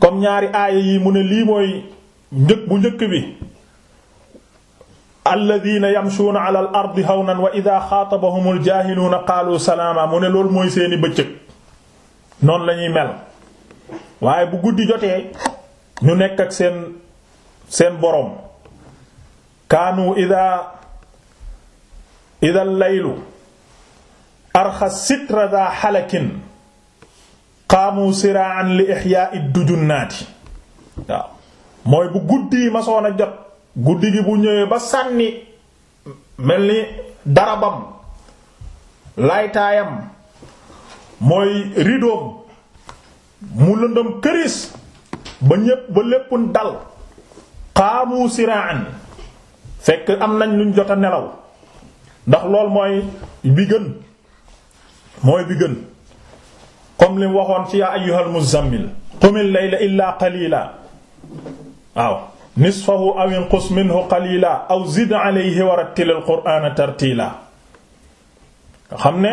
Speaker 1: comme ñaari aaya yi mu ne lii mooy njëkk bu njëkk bi alladina yamshuuna ala al ardi hawnan wa ida xaatabahum aljahiluuna mu ne loolu mooy seeni bëccëg noonu lañuy mel waaye bu guddi jotee ñu nekk ak seen seen boroom kaanu ida ida laylu arxa sitra da xalakin qaamu siraan li ixyaai dujunnaati waaw mooy bu guddi masoon a jot guddi gi bu ñëwee ba sànni mel ni darabam laytaayam mooy ridoom mu lëndëm këriis ba ñépp ba lépp dal qaamu siraan fekk am nañ luñ jot a nelaw ndax lool mooy bi gën mooy bi gën comme li mu waxoon ci yaa ayyuhal muzzammil qumil layla illaa qalila waaw nisfahu aw inqus minhu qalila aw zid alayhi wa rattilil qur'ana tartila nga xam ne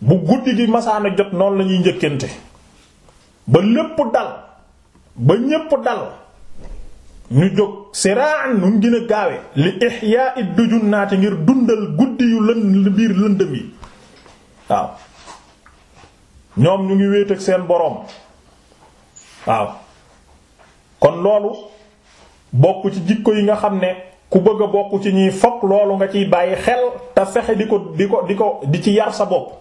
Speaker 1: bu guddi di masaana jot noonu lañuy njëkkante ba lépp dal ba ñépp dal ñu jóg siraan nu gën a gaawe li ihyaa it dujun naate ngir dundal guddi yu lën biir lëndëm yi waaw ñoom ñu ngi wéet ak seen boroom waaw kon loolu bokk ci jikko yi nga xam ne ku bëgg a bokk ci ñiy fokk loolu nga ciy bàyyi xel te fexe di ko di ko di ci yar sa bopp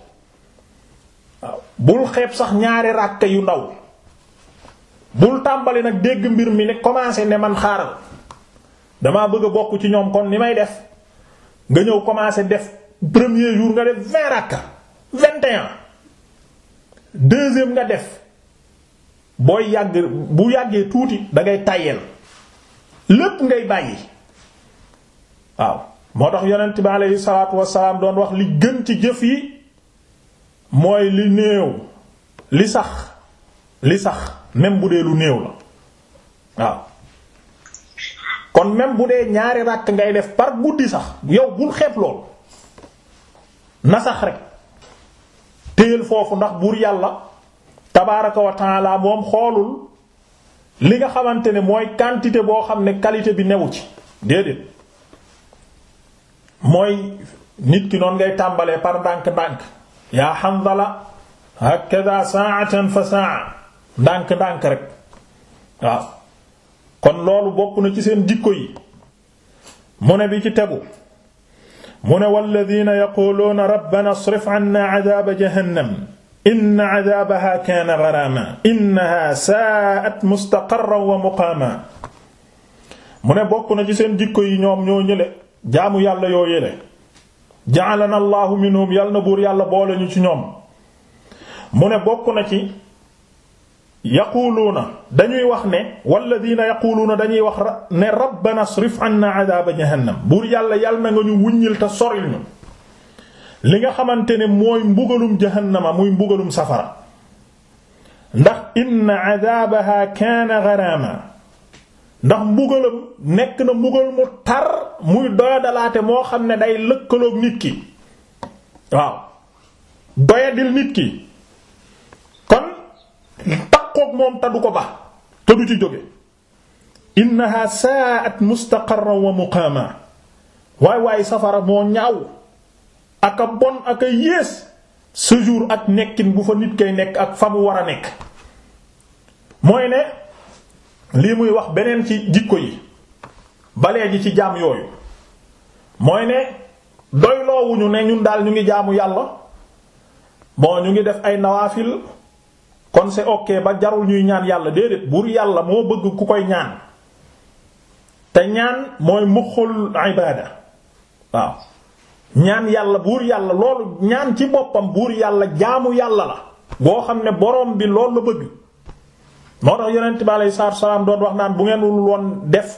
Speaker 1: waaw bul xeeb sax ñaari ràkk yu ndaw bul tàmbali nag dégg mbir mi ne commencé ne man xaaral damaa bëgg a bokk ci ñoom kon ni may def nga ñëw commencé def premier jour nga def vingt rakka vingt et un nga def booy yàgg bu yàggee tuuti da ngay tàyyeel lépp ngay bàyyi waaw moo tax yonent bi aleyhi salaatu wasalaam doon wax li gën ci jëf yi mooy li néew li sax li sax même bu dee lu néew la waaw kon même bu dee ñaari ràkk ngay def par guddi sax yow bul xeeb lool na sax rek téyel foofu ndax buur yàlla tabaaraka wa moom xoolul li nga xamante ne mooy quantité boo xam ne qualité bi newu ci déedéet mooy nit ki noon ngay tàmbalee par ndànk-ndànk yaa Hanzala hakada sa'atan fa sa'a ndànk-ndànk rek waaw kon loolu bokk na ci seen jikko yi mu ne bi ci tegu mu ne walladina yaquluuna rabbana asrif anna adaaba jahannam inna adaabaha kaana garaama innaha saa'at mustaqarran wa muqaama mu ne bokk na ci seen jikko yi ñoom ñoo ñële jaamu yàlla yoo yële ja'alana allahu minhum yàlla na yàlla boole ñu ci ñoom mu ne bokk na ci yaquluuna dañuy wax ne walladina yaquluuna dañuy wax ne rabbana asrif anna adaaba jahannam buur yàlla yàlla na nga ñu wuññil te soril li nga xamante ne mooy mbugalum jahannama muy mbugalum safara ndax inna adaabaha kaana garaama ndax mbugalam nekk na mbugal mu tar muy doyadalaate moo xam ne day lëkkaloog nit ki waaw doyadil nit ki kon taqoog moom te ko ba te du ci jóge innaha saa'at mustaqarran wa muqaama waay waay safara moo ñaaw aka bon aka yées séjour ak nekkin bu fa nit kay nekk ak fa mu war a nekk mooy ne lii muy wax beneen ci jikko yi balee ji ci jaam yooyu mooy ne doyloowuñu ne ñun daal ñu ngi jaamu yàlla bon ñu ngi def ay nawaafil kon c'est ok ba jarul ñuy ñaan yàlla déedéet buur yàlla moo bëgg ku koy ñaan te ñaan mooy muxul ibaada waaw ñaan yàlla buur yàlla loolu ñaan ci boppam buur yàlla jaamu yàlla la boo xam ne boroom bi loolu la bëgg moo tax yonent bi aleyhi salaatu salaam doon wax naan bu ngeen wul woon def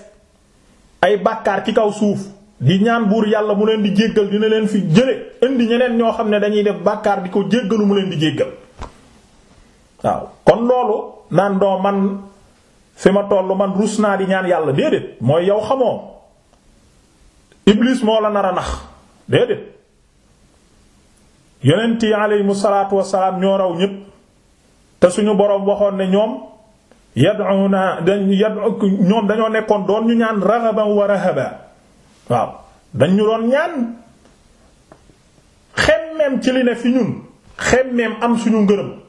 Speaker 1: ay bàkkaar ci kaw suuf di ñaan buur yàlla mu leen di jéggal dina leen fi jële indi ñeneen ñoo xam ne dañuy def bàkkaar di ko jéggalu mu leen di jéggal waaw kon loolu naan doo man fi ma toll man rus naa di ñaan yàlla déedéet mooy yow xamoo iblis moo la nar a nax déedéet yonent yi mu salaatu wassalaam ñoo raw ñépp te suñu boroom waxoon ne ñoom yad'una yad'u ñoom dañoo nekkoon doon ñu ñaan raghaban wa rahaban waaw dañ ñu doon ñaan xemmeem ci li ne fi ñun xemmeem am suñu ngërëm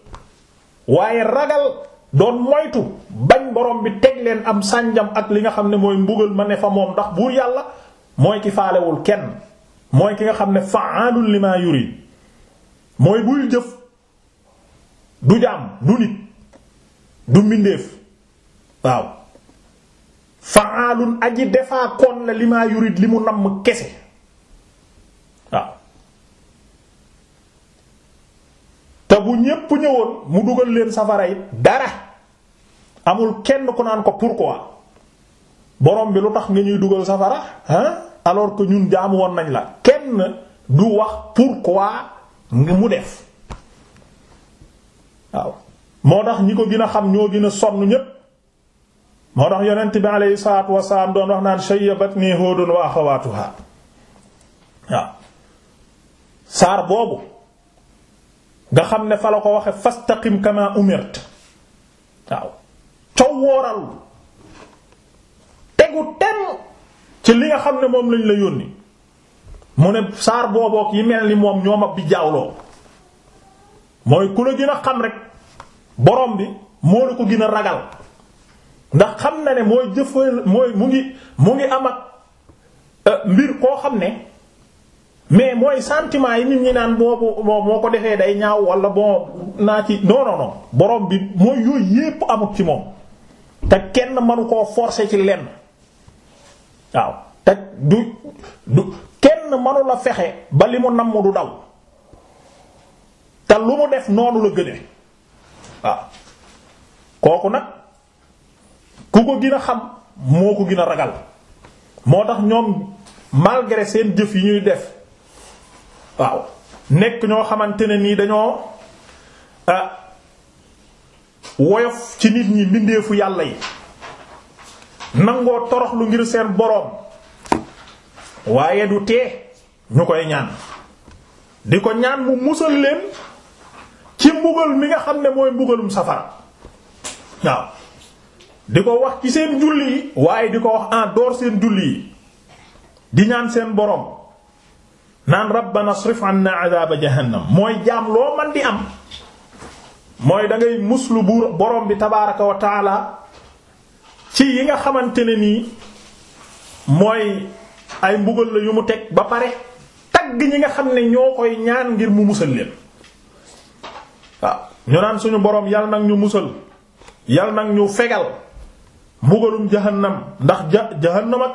Speaker 1: waaye ragal doon moytu bañ borom bi teg leen am sànjam ak li nga xam ne mooy mbugal ma ne fa moom ndax buur yàlla mooy ki faalewul kenn mooy ki nga xam ne fa'alul lima yurid mooy buy jëf du jaam du nit du mbindeef waaw fa'alun aji defaa kon la lima yurid li mu namm kese te bu ñépp ñëwoon mu dugal leen safara yi dara amul kenn ku naan ko pour quoi borom bi lu tax nga ñuy dugal safara hein alors que ñun jaamu woon nañ la kenn du wax pourquoi nga mu def waaw moo tax ñi ko gin a xam ñoo gën a sonn ñépp moo tax yonent bi alayhi salaatu wasalaam doon wax naan shayyabatni Hudun wa akhawatuha waaw saar boobu nga xam ne fa la ko waxe fastaqim kama umirt waaw cow wooral tegu tem ci li nga xam ne moom lañ la yónni mu ne saar boobook yi mel ni moom ñoom ab bi jaawloo mooy ku la gën a xam rek borom bi moo la ko gën a ragal ndax xam na ne mooy jëfal mooy mu ngi mu ngi am ak euh, mbir koo xam ne mais mooy santiment yi nit ñi naan boobu moo ko defee day ñaaw wala bon naa ci non non borom bi mooy yooyu yépp amut ci moom te kenn mënu koo forcer ci lenn waaw te du du kenn mënu la fexe ba li mu namm du daw te lu mu def noonu la gëne waaw kooku nag ku ko gën a xam moo ko gën a ragal moo tax ñoom malgré seen jëf yi ñuy def. waaw nekk ñoo xamante ne nii dañoo ah, woyof ci nit ñi mbindeefu yàlla yi nangoo torox ngir seen boroom waaye du tee ñu koy ñaan di ko ñaan mu musal leen ci mbugal mi nga xam ne mooy mbugalum safara waaw di ko wax ci seen julli yi waaye di ko wax en dehors seen julli yi di ñaan seen boroom naan rabbana asrif anna adaba jahannam mooy jaam loo man di am mooy dangay ngay muslu buur boroom bi tabaraka wa taala ci yi nga xamante ne nii mooy ay mbugal la yu mu teg ba pare tagg ñi nga xam ne ñoo koy ñaan ngir mu musal leen waaw naan suñu boroom yal nag ñu musal yal nag ñu fegal mbugalum jahannam ndax ja jahannama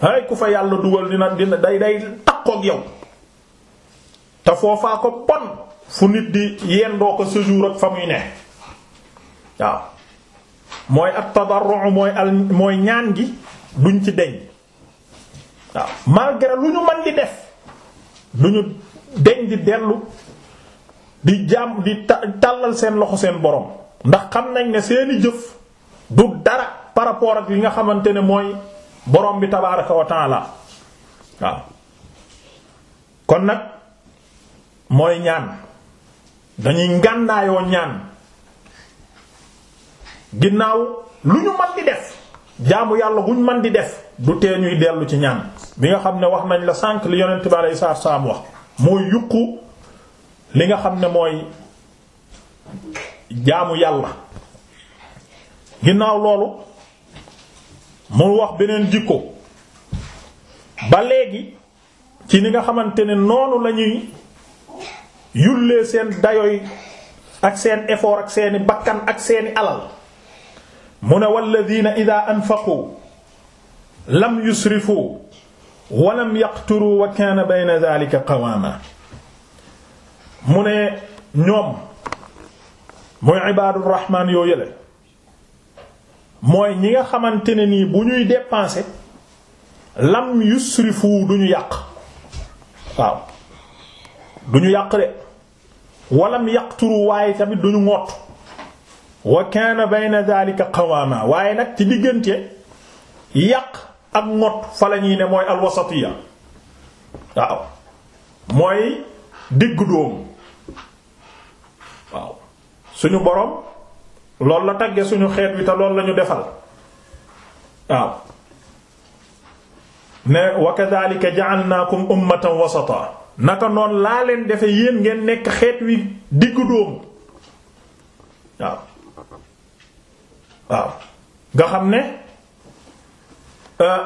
Speaker 1: hay ku fa yàlla dugal dina dina day day takkook yow te foofaa ko bon fu nit di yendoo ko séjour ak fa muy ne waaw mooy at tadarru mooy al mooy ñaan gi duñ ci deñ waaw malgré lu ñu man di def duñu deñ di dellu di jàmm di tàllal seen loxo seen boroom ndax xam nañ ne seeni jëf du dara par rapport ak li nga xamante ne mooy borom bi tabaaraka wa taala waaw kon nag mooy ñaan dañuy ngànnaayoo ñaan ginnaaw lu ñu man di def jaamu yàlla guñ man di def du tee ñuy dellu ci ñaan bi nga xam ne wax nañ la sànq li yonent bi alayhi salaatu salaam wax mooy yukku li nga xam ne mooy jaamu yàlla ginnaaw loolu mu wax beneen jikko ba léegi ci ni nga xamante ne noonu lañuy ñuy yullee seen dayoy ak seen effort ak seeni bakkan ak seeni alal mu ne walladina ida anfaqu lam yusrifu wa lam yaqturu wa kaana bayna dhalika qawaama mu ne ñoom mooy ibaadurrahmaan yoo yële mooy ñi nga xamante ne nii bu ñuy dépenser lam yusrifu duñu yàq waaw du ñu yàq de walam yaqturu waaye tamit du ñu ngott wa kaana bayna dhalika qawaama waaye nag ci diggante yàq ak ngott fa la ñuy ne mooy alwasatiya waaw mooy diggu dóomu waaw suñu borom loolu la tagge suñu xeet wi te loolu la ñu defal waaw ne wa kadhalika ja'alnakum ummatan wasata naka noon laa leen defe yéen ngeen nekk xeet wi diggu dóomu waaw waaw nga xam ne euh,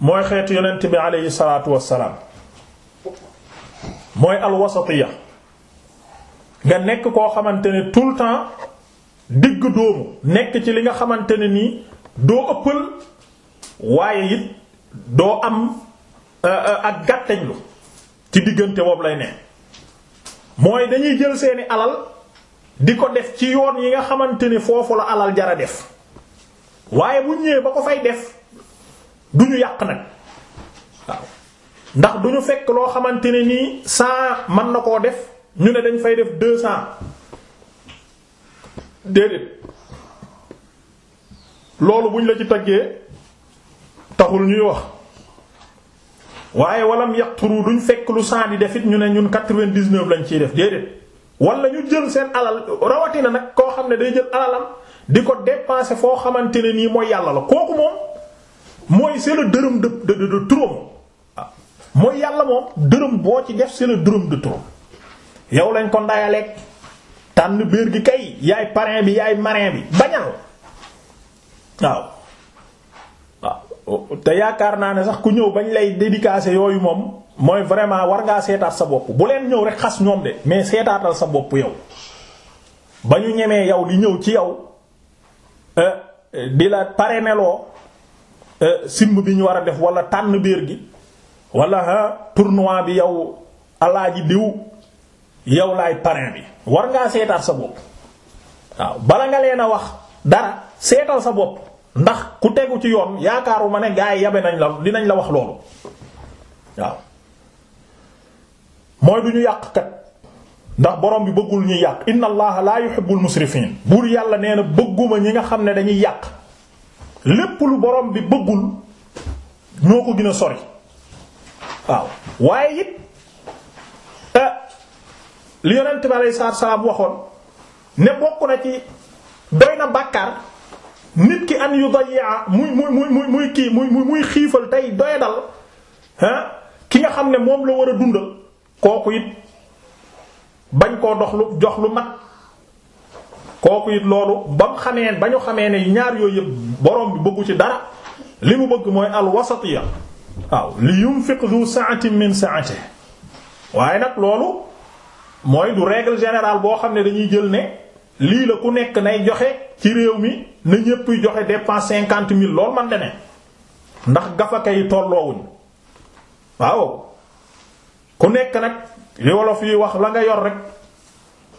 Speaker 1: mooy xeet yonent bi aleyhi salaatu wassalaam mooy alwasatiya nga nekk koo xamante ne tout le temps digg doomu nekk ci li nga xamante ne nii doo ëppal waaye it doo am euh, euh, ak gàttañlu ci diggante boobu lay ne mooy dañuy jël seeni alal di ko def ci yoon yi nga xamante ni foofu la alal jara def waaye bu ñëwee ba ko fay def du ñu yàq nag ndax du ñu fekk loo xamante ne nii cent mën na koo def ñu ne dañ fay def deux cent déedéet loolu buñ la ci taggee taxul ñuy wax waaye walam yaqturu duñ fekk lu saa di def it ñu ne ñun quatre vingt dix lañ ciy def déedéet wala ñu jël seen alal rawatina nag koo xam ne day jël alalam di ko dépenser foo xamante ne nii mooy yàlla la kooku moom mooy c'est le dërëm de de de trop mooy yàlla moom dërëm boo ci def c'est le dërëm de trop yow lañ ko ndayaleeg. tànn biir gi kay yaay parrain bi yaay marin bi bañal waaw waaw te yaakaar naa ne sax ku ñëw bañ lay dédicacé yooyu moom mooy vraiment war ngaa seetaat sa bopp bu leen ñëw rek xas ñoom de mais seetaatal sa bopp yow ba ñu ñemee yow di ñëw ci yow euh, di la parrainer euh, simb bi ñu war a def wala tànn biir gi wala tournoi bi yow alaaji diw yow laay parrain bi war ngaa seetaat sa bopp waaw bala nga leen a wax dara seetal sa bopp ndax ku tegu ci yoon yaakaaruma ne gaa yi yabe nañ la dinañ la wax loolu waaw mooy du ñu yàq kat ndax borom bi bëggul ñu yàq inna allaha la yuhibbul musrifin buur yàlla nee na bëgguma ñi nga xam ne dañuy yàq lépp lu borom bi bëggul ñoo ko gën sori waaw waaye it li yonent bi alayhi salaatu salaam waxoon ne bokk na ci doy na bàkkaar nit ki an yu dayya muy muy muy muy kii muy muy xiifal tey doy dal ki nga xam ne moom la war a dundal kooku it bañ koo dox lu jox lu mat kooku it loolu ba mu xamee ba xamee ne ñaar yooyu yëpp borom bi bëggu ci dara li mu bëgg mooy alwasatiya waaw li yunfiq du sa'atin min sa'atihi waaye nag loolu mooy du règle générale boo xam ne dañuy jël ne lii la ku nekk nay joxe ci réew mi na ñépp joxe dépense cinquante mille lool man da ne ndax gafaka yi tolloowuñ waaw ku nekk nag li wolof yi wax la nga yor rek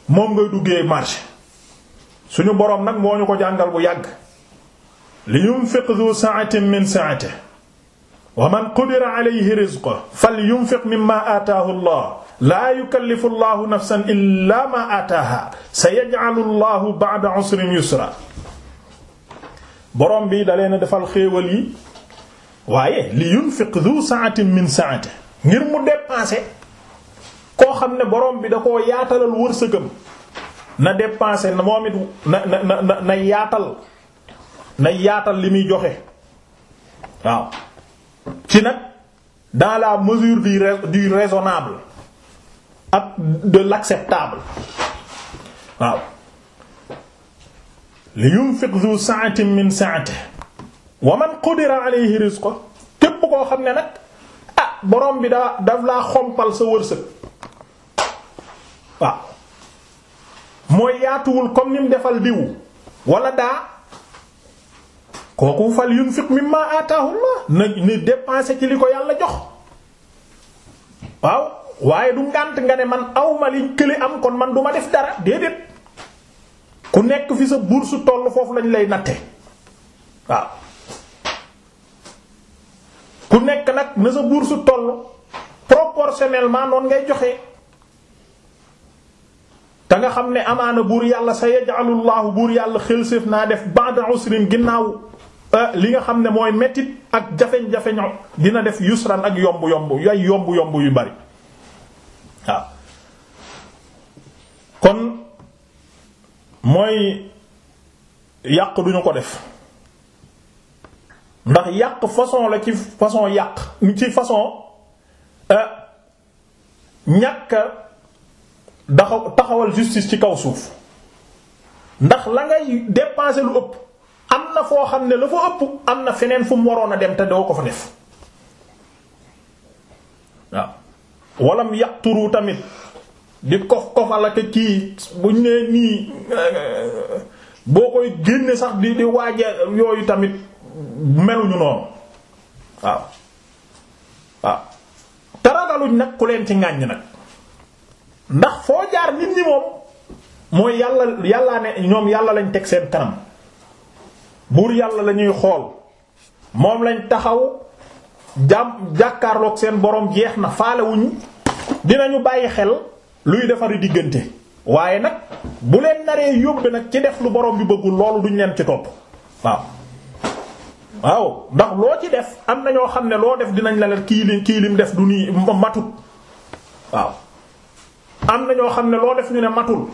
Speaker 1: moom nga duggee marché suñu boroom nag moo ñu ko jàngal bu yàgg li yunfiq du sa'atin min sa'atihi wa man qudira alayhi rizquhu falyunfiq mimma ataahu allah laa yukallifu bi da leen a yi waaye li yunfiq dhu min sa'atihi ngir mu dépenser koo xam ne borom bi da koo yaatalal wërsëgam na dépenser na moom it na na na na yaatal yaatal li muy joxe ci nag dans la mesure du du raisonnable ak de l'acceptable waaw li yunfiq zu sa'atin min sa'atihi wa man qudira alayhi rizquhu képp koo xam ne nag ah borom bi daa daf laa xompal sa wërsëg waaw mooy yaatuwul comme ni mu defal diw wala daa kooku fal yunfiq mimma ataahu ma na ni dépenser ci li ko yàlla jox waaw waaye du ngànt nga ne man awma liñ kële am kon man duma def dara déedéet ku nekk fi sa bourse toll foofu lañ lay natte waaw ku nekk nag na sa bourse toll proportionnellement noonu ngay joxe te nga xam ne amaana buur yàlla sa yajalullahu buur yàlla xel séef naa def ba'da usrin ginnaaw Euh, li nga xam ne mooy mettit ak jafeñ-jafeñ dina def yusran ak yomb-yomb yooy yomb-yomb yu bari waaw kon mooy yàq duñu ko def ndax yàq façon la ci façon yàq ci façon euh, ñàkk taxawal justice ci kaw suuf ndax la ngay dépenser lu ëpp am na foo xam ne la fa ëpp am na feneen fu mu waroon a dem te doo ko fa def waaw walam yaqturu tamit di kof kofal ak kii buñ nee nii boo koy génne sax di di waaja yooyu tamit meluñu noonu waaw waaw nag ku leen ci nàññ nag ndax foo jaar nit ñi moom mooy yàlla yàllaa ne ñoom yàlla lañ teg seen kanam buur yàlla la ñuy xool moom lañ taxaw jàmm jàkkaarlook seen boroom jeex na faalewuñu dinañu bàyyi xel luy defari diggante waaye nag bu leen naree yóbbe nag ci def lu boroom bi bëggul loolu duñ leen ci topp waaw waaw ndax loo ci def am na ñoo xam ne loo def dinañ la leen kii li kii lim def du nii matut waaw am na ñoo xam ne loo def ñu ne matul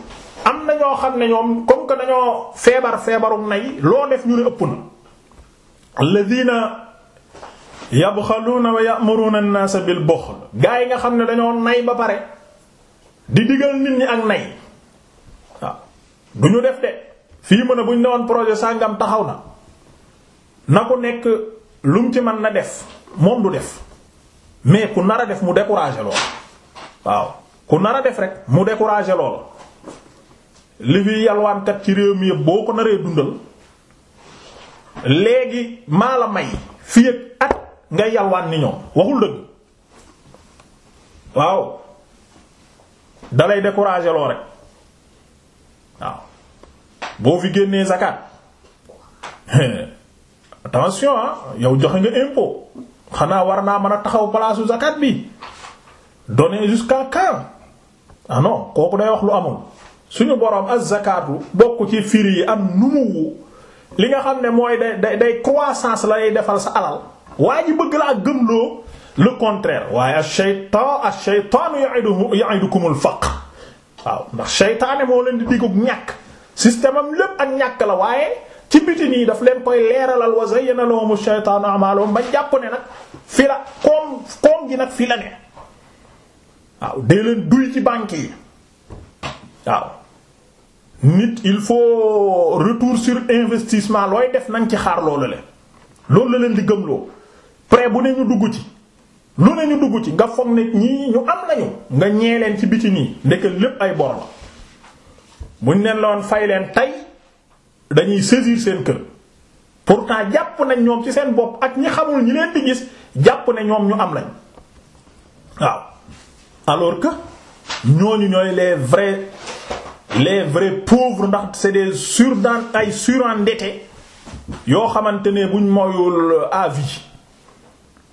Speaker 1: am na ñoo xam ne ñoom comme que dañoo feebar feebaru nay loo def ñu ne ëpp na alladhina yabxaluuna wa ya'muruna naa sa bil buxl gaa yi nga xam ne dañoo nay ba pare di digal nit ñi ak nay waaw du ñu def de fii mën a bu ñu ne woon projet sàngam taxaw na na ku nekk lu mu ci mën na def moom du def mais ku nar a def mu décourager lool waaw ku nar a def rek mu décourager lool li fi yalwaankat ci réew mi yëpp boo ko naree dundal léegi maa la may fii ak at nga yalwaan ni ñoom waxul dëgg waaw dalay décourager loo rek waaw boo fi génnee zakat attention ah yow joxe nga impôt xanaa war naa mën a taxaw palaasu zakat bi donner jusqu'à quand ah non kooku day wax lu amul suñu borom az-zakaatu bokk ci firi yi am numuwu li nga xam ne mooy day day day croissance la lay defal sa alal waa ñu bëgg laa gëmloo le contraire waaye ash-shaytaan ash-shaytaanu ya'iduhum ya'idukumul faqr waaw ndax shaytaane moo leen di diggu ñàkk système am lépp ak ñàkk la waaye ci biti nii daf leen koy leeralal wa zayyana lahum ash-shaytaanu a'maalahum ba jàpp ne nag fi la koom koom gi nag fi la ne waaw dee leen duy ci banque yi. waaw nit il faut retour sur investissement looy def nañ ci xaar loolu le loolu la leen di gëmloo prêt bu ne ñu dugg ci lu ne ñu dugg ci nga foog ne ñii ñu am nañu nga ñee leen ci biti nii ndeke lépp ay bor la buñ leen la fay leen tey dañuy saisir seen kër pour pourtant jàpp nañ ñoom ci seen bopp ak ñi xamul ñi leen di gis jàpp ne ñoom ñu am lañ waaw alors que ñooñu ñooy les vrais les vrais pauvres ndax c'est des sur dans ay surendettés yoo xamante ne buñ moyul euh, à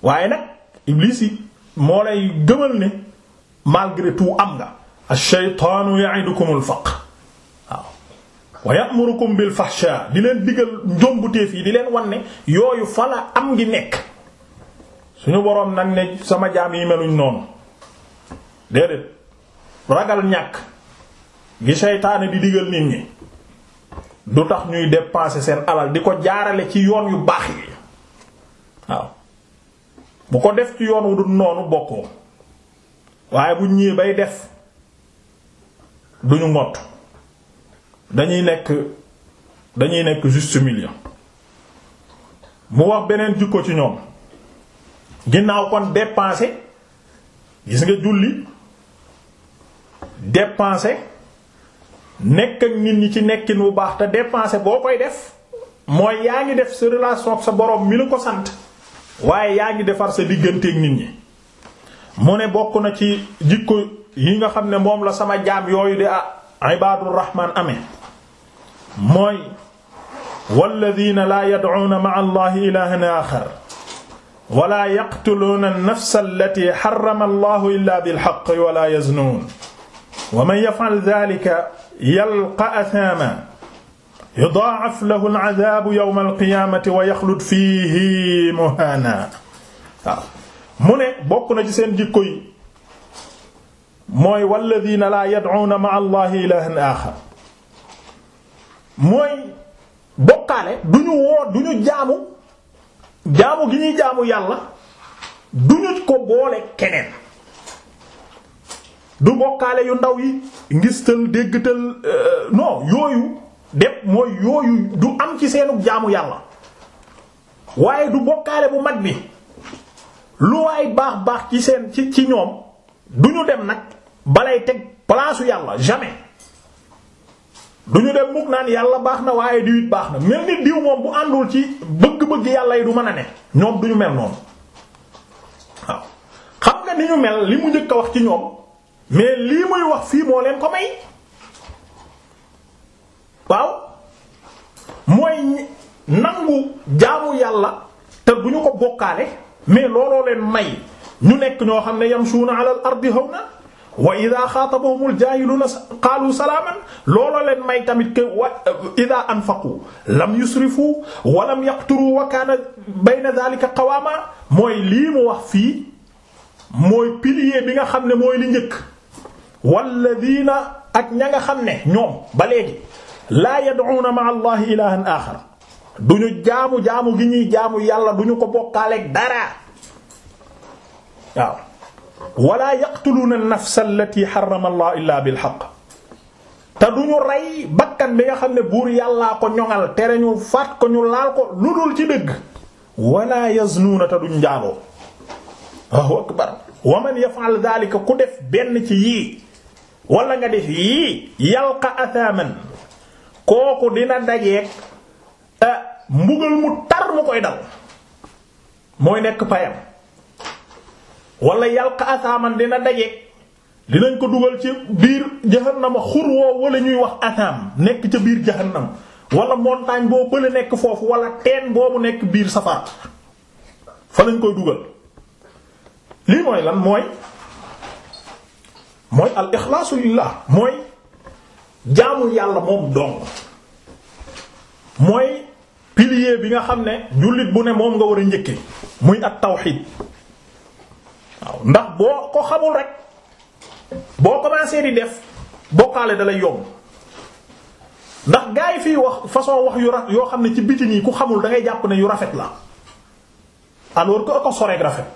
Speaker 1: waaye nag iblis yi moo lay gëmal ne malgré am nga ash-shaytaanu ya'idukumul faqr waaw wa ya'murukum bil fahsha di leen digal njombuteef yi di leen wan ne yooyu fala am ngi nekk suñu boroom nag ne sama jaam yi meluñ noonu déedéet ragal ñàkk gi seytaane di digal nit ñi du tax ñuy dépenser seen alal di ko jaarale ci yoon yu baax yi waaw bu ko def ci yoon wu du noonu bokkoo waaye bu ñëwee bay def duñu ngott dañuy nekk dañuy nekk juste million mu wax beneen jikko ci ñoom ginnaaw kon dépenser gis nga julli dépenser nekk ak nit ñi ci nekkin bu baax te dépenser boo koy def mooy yaa ngi def sa relation ak sa boroom mi ko sant waaye yaa ngi defar sa digganteeg nit ñi mu ne bokk na ci jikko yi nga xam ne moom la sama jaam yooyu de ah ibadur rahman amee mooy walladina la yad'uuna ma'a allahi ilahan axar wala yaqtuluuna an-nafsa allati harrama allahu illa bil haqqi wala yaznuun wa man yaf'al dhalika yalqa athaaman yudaa'af lahu al'adaabu yawma alqiyaamati wa yaxlud fiihi muhaana waaw mu ne bokk na ci seen jikko yi mooy walladiina laa yad'uuna ma'a allahi ilaahan aaxar mooy bokkaale du ñu woo du ñu jaamu jaamu gi ñuy jaamu yàlla du ñu ko boole keneen du bokkaale yu ndaw yi ngistal déggtal euh, non yooyu dépp mooy yooyu du am ci seenu jaamu yàlla waaye du bokkaale bu mag bi lu waay baax baax ci seen ci ci ñoom duñu dem nag balay teg palaasu yàlla jamais duñu dem mukk naan yàlla baax na waaye diwit baax na mel ni diw moom bu àndul ci bëgg-bëgg yàlla yi du mën a ne ñoom duñu ñu mel noonu xam nga ni ñu mel li mu njëkk a wax ci ñoom mais lii muy wax fii moo leen ko may waaw mooy nangu jaamu yàlla te bu ko bokkaale mais looloo leen may ñu nekk ñoo xam ne yamshuuna ala al ardi hawna wa ida xaatabahumul jaahiluuna qaalu salaaman looloo leen may tamit que wa ida anfaqu lam yusrifu wa lam yaqturu wa kaana bayna dhalika qawaama mooy lii mu wax fii mooy pilier bi nga xam ne mooy li njëkk walladina ak ña nga xam ne ñoom ba léegi laa yad'una ma'a allahi ilahan axar du ñu jaamu jaamu gi ñuy jaamu yàlla du ñu ko bokkaaleeg dara waaw wala yaqtuluuna an-nafsa allati harrama allah illa bil haqq te du ñu rey bakkan bi nga xam ne buur yàllaa ko ñoŋal tere ñu faat ko ñu laal ko lu dul ci dëgg wala yaznuuna te duñ njaaloo waaw akbar wa man yaf'al dhalika ku def benn ci yii wala nga def yii yalqa athaman kooku dina dajeeg mbugal mu tar mu koy dal mooy nekk payam wala yalqa athaman dina dajeeg dinañ ko dugal ci biir jahannama xurwoo wala ñuy wax atham nekk ca biir jahannam wala montagne boo bële nekk foofu wala teen boobu nekk biir safar fa lañ koy dugal lii mooy lan mooy mooy al ixlaasu mooy jaamul yàlla moom dong mooy pilier bi nga xam ne jullit bu ne moom nga war a njëkke muy at tawxiid waaw ndax boo ko xamul rek boo commencé di def bokkaale dalay yomb ndax gaa yi fii wax façon wax yu ra yoo xam ne ci biti nii ku xamul da ngay jàpp ne yu rafet la alors que ko soreek rafet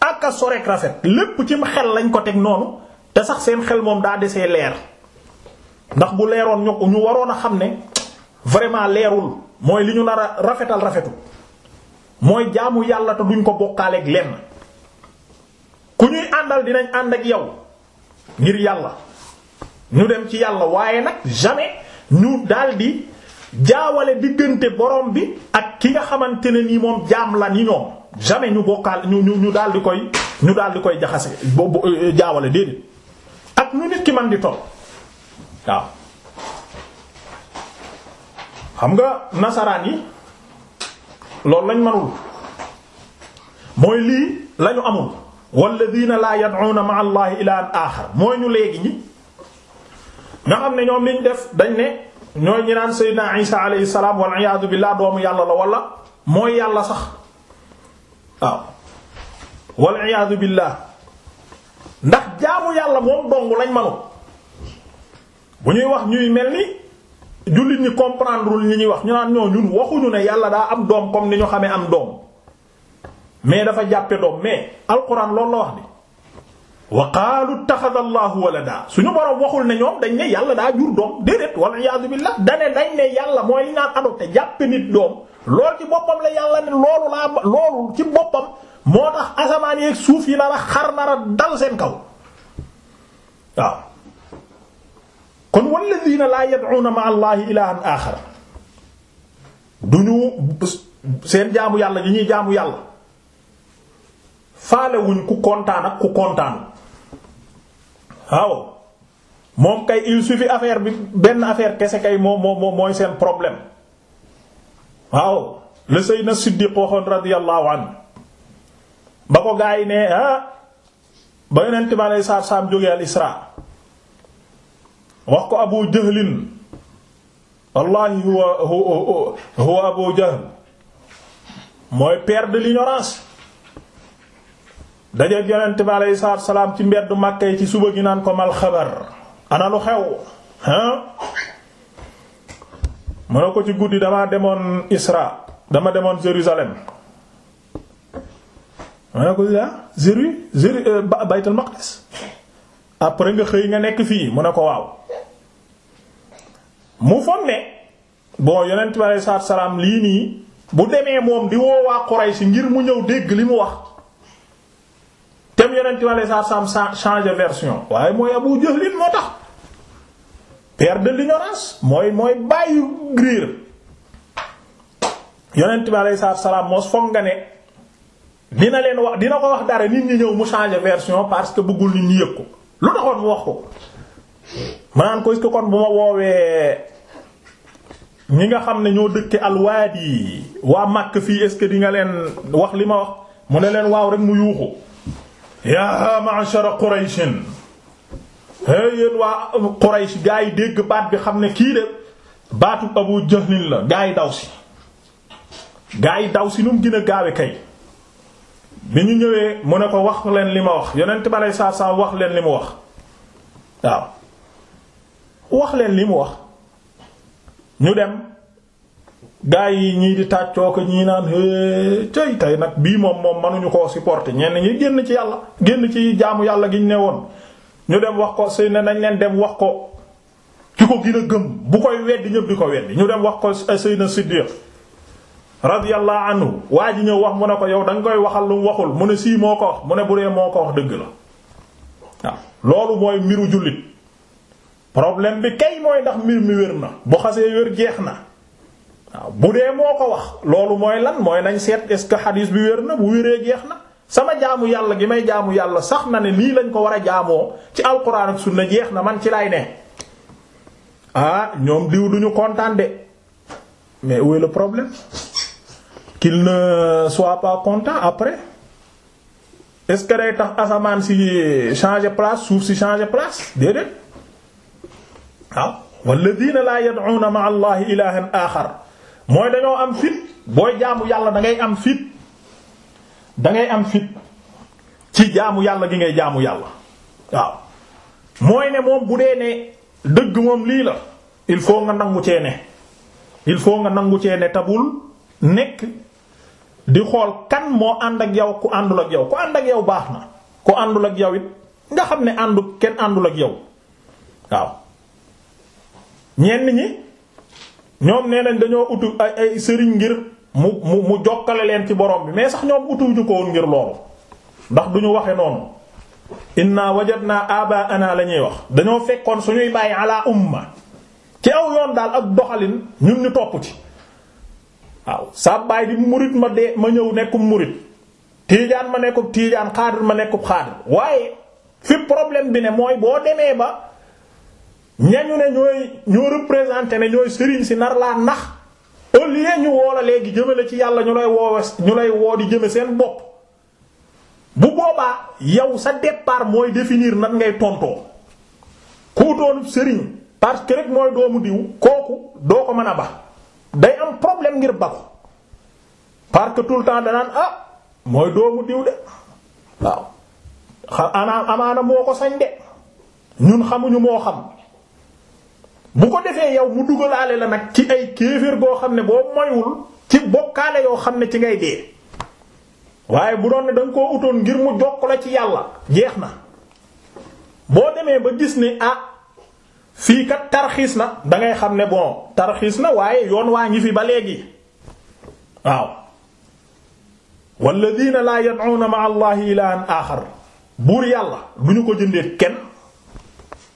Speaker 1: ak a rafet lépp cim xel lañ ko teg noonu te sax seen xel moom daa desee leer ndax bu leeroon ñu ñu waroon a xam ne vraiment leerul mooy li ñu nar a rafetal rafetu mooy jaamu yàlla te duñ ko bokkaaleeg lenn ku ñuy àndal dinañ ànd ak yow ngir yàlla ñu dem ci yàlla waaye nag jamais ñu daldi jaawale diggante borom bi ak ki nga xamante ne nii moom jaam la ni ñoom jamais ñu bokkaal ñu ñu ñu daal di koy ñu daal di koy jaxase boobu euh, jaawale déedéet ak ñu nit ki man di toll waaw. xam nga nasaraan yi loolu lañ manul mooy lii lañu amul walladina la yad'una ma'a allahi ilahan axar mooy ñu léegi ñi nga xam ne ñoom liñ def dañ ne ñooy ñi naan sayyidina isa alayhi salaam wal iyaadu billah doomu yàlla la wala mooy yàlla sax waaw wal iyaadu billaah ndax jaamu yàlla moom dong lañ manu bu ñuy wax ñuy mel ni jullit ñi comprendre li ñuy wax ñu naan ñoo ñun waxuñu ne yàlla daa am doom comme ni ñu xamee am doom mais dafa jàppe doom mais alquran loolu la wax ni wa qaalu ittaxada daa walada suñu boroom waxul ne ñoom dañ ne yàlla daa jur doom déedéet wal iyaadu billaah dane dañ ne yàlla mooy li naan adopté jàppe nit doom loolu ci boppam la yàlla ne loolu laa loolu ci boppam moo tax asamaan yeeg suuf yi nar a xar nar a dal seen kaw waaw kon walladina laa yad'una ma'a allahi ilahan axara duñu seen jaamu yàlla di ñuy jaamu yàlla faale wuñ ku kontaan ak ku kontaan waaw moom kay il suffit affaire bi benn affaire kese kay moo moo mooy seen problème waaw le na Siddiq waxoon radiyallahu anhu ba ko gaa yi ne ah, ba yonent bi aleyhi salaatu salaam al Isra wax ko Abu Jahlin wallahi huwa huwa Abu Jahl mooy père de l'ignorance dajeeg yonent bi aleyhi ci mbeddu Makka yi ci suba gi naan ko mal xabar ana lu xew ah mu ne ko ci guddi damaa demoon Isra dama demoon Jérusalem mu ne ko ah Jéru Jéru euh, Baytul Maqdis après nga xëy nga nekk fii mu ne ko waaw mu foog ne bon yonent bi aleyhi salaatu salaam lii nii bu demee moom di woo waa si ngir mu ñëw dégg li mu wax tem yonent bi aleyhi salaatu salaam changé version waaye mooy Abu Jahl moo tax. père de l'ignorance mooy mooy bàyyi réer yonent bi alayhi salaatu salaam moos nga ne dina leen wax dina ko wax dara nit ñi ñëw mu changer version parce que bëggul nit ñi yëg ko lu taxoon mu wax ko maanaam ko est kon bu ma woowee ñi nga xam ne ñoo dëkke alwaadi yi waa Makka fii est-ce nga leen wax li ma wax mu ne leen waaw rek mu yuuxu yaa ma'shara Qurayshin hey yéen waa Quraysh gaa yi dégg baat bi xam ne kii de baatu Abu Jahlin la gaa yi daw si gaa yi daw si nu mu gën a kay bi ñu ñëwee mu ne ko wax leen li ma wax yonent ba lay saa saa wax leen li mu wax waaw wax leen li mu wax ñu dem gaa yi ñii di tàccoo ko ñii naan hee tey tey nag bii moom moom mënuñu koo supporter ñenn ñi génn ci yàlla génn ci jaamu yàlla gi ñu ne woon ñu dem wax ko Seydina nañ leen dem wax ko ki ko gën a gëm bu koy weddi ñëpp di ko weddi ñu dem wax ko na eh, Seydina Siddiq radiyallahu anhu waa ji ñëw wax mu ne ko yow da koy waxal lu mu waxul mu ne sii moo ko wax mu ne bu dee moo ko wax dëgg la waaw loolu mooy mbiru jullit problème bi kay mooy ndax mbir mi wér na bu xasee wér jeex na waaw bu dee moo ko wax loolu mooy lan mooy nañ seet est-ce que xadiis bi wér na bu wéree jeex na sama jaamu yàlla gi may jaamu yàlla sax na ne nii lañ ko war a jaamoo ci alquran ak sunna jeex na man ci lay ne ah ñoom diw duñu kontaan de mais où est problème qu'il ne soit pas content après est-ce que day tax asamaan si changer place suuf si changer place déedéet waaw ah, walladina laa yad'una ma'a allahi ilahan axar mooy dañoo am fit booy jaamu yàlla da am fit da ngay am fit ci jaamu yàlla gi ngay jaamu yàlla waaw mooy ne moom bu dee ne dëgg moom lii la il faut nga nangu ceene il faut nga nangu ceene ne tabul nekk di xool kan moo ànd ak yow ku àndul ak yow ku ànd ak yow baax na ku àndul ak yow nga xam ne àndu kenn àndul ak yow waaw ñenn ñi ñoom nee nañ dañoo utu ay ay sëriñ ngir. mu mu mu jokkale leen ci borom bi mais sax ñoom utuñu ko woon ngir loolu ndax du ñu waxe noonu inna wajadna abaana la ñuy wax dañoo fekkoon suñuy bàyyi ala ma ci aw yoon daal ak doxalin ñun ñu topp ci waaw sa baay di murit ma dee ma ñëw nekkum murit tiijaan ma nekkub tiijaan xaadir ma nekkub xaadir waaye fi problème bi ne mooy boo demee ba ñañu ne ñooy ñoo représenté ne ñooy sëriñ si nar laa nax au lieu ñu woo la léegi jëme la ci yàlla ñu lay woowe ñu lay woo di jëme seen bopp bu boobaa yow sa départ mooy définir nan ngay tontoo ku doon sëriñ parce que rek mooy doomu diw kooku doo ko mën a ba day am problème ngir ba ko parce que tout le temps danaan ah mooy doomu diw de waaw xa amaana moo ko sañ de ñun xamuñu moo xam bu ko defee yow mu dugalaale la nag ci ay kéefër goo xam ne boo moywul ci bokkaale yoo xam ne ci ngay dee waaye bu doon ne danga koo utoon ngir mu jokk la ci yàlla jeex na boo demee ba gis ne ah fii kat tarxiis na dangay xam ne bon tarxiis na waaye yoon waa ngi fi ba léegi waaw walladina laa yad'una ma'a allahi ilahan axar buur yàlla du ñu ko jëndee kenn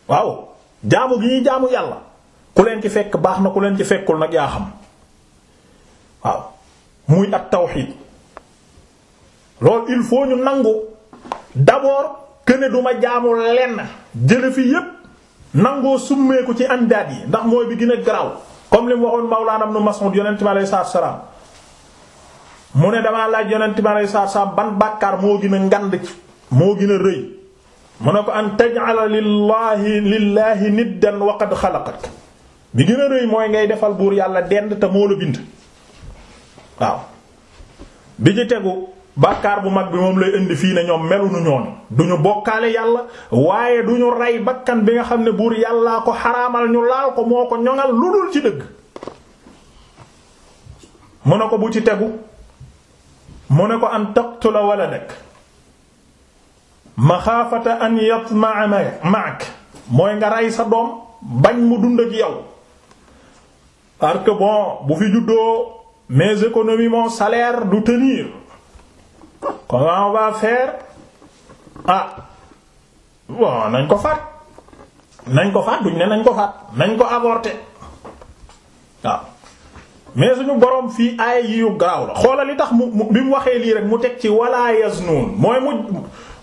Speaker 1: waaw jaamu gi ñuy jaamu yàlla ku leen ci fekk baax na ku leen ci fekkul nag yaa xam waaw muy ak tawxiid loolu il faut ñu nangu d'abord que ne du ma jaamu lenn jële fi yépp nangoo summeeku ci andaat yi ndax mooy bi gën a garaaw comme li mu waxoon Mawlaana Ibn Mas'ud yonent bi alayhi salaatu salaam mu ne damaa laaj yonent bi alayhi salaatu salaam ban bàkkaar moo gën a ngand ci moo gën a rëy mu ne ko an taj'ala lillahi lillahi niddan wa qad xalaqak bi gën a rëy mooy ngay defal buur yàlla dend te moo la bind waaw bi ci tegu bàkkaar bu mag bi moom lay indi fii ne ñoom melunu ñoon duñu bokkaale yàlla waaye du duñu rey bakkan bi nga xam ne buur yàllaa ko xaraamal ñu laal ko moo ko ñoŋal lu dul ci dëgg mu ne ko bu ci tegu mu ne ko an taqtula waladak maxaafata an yatma'a ma'ak mooy nga rey sa doom bañ mu dund ak yow parce que bon bu fi juddoo mes économies mon salaire du tenir comment on va faire ah bon nañ ko faat nañ ko faat duñ ne nañ ko faat nañ ko avorter waaw mais suñu borom fii ay yi yu la xoolal li tax mu mu bi mu waxee lii rek mu teg ci wala yaznun mooy mu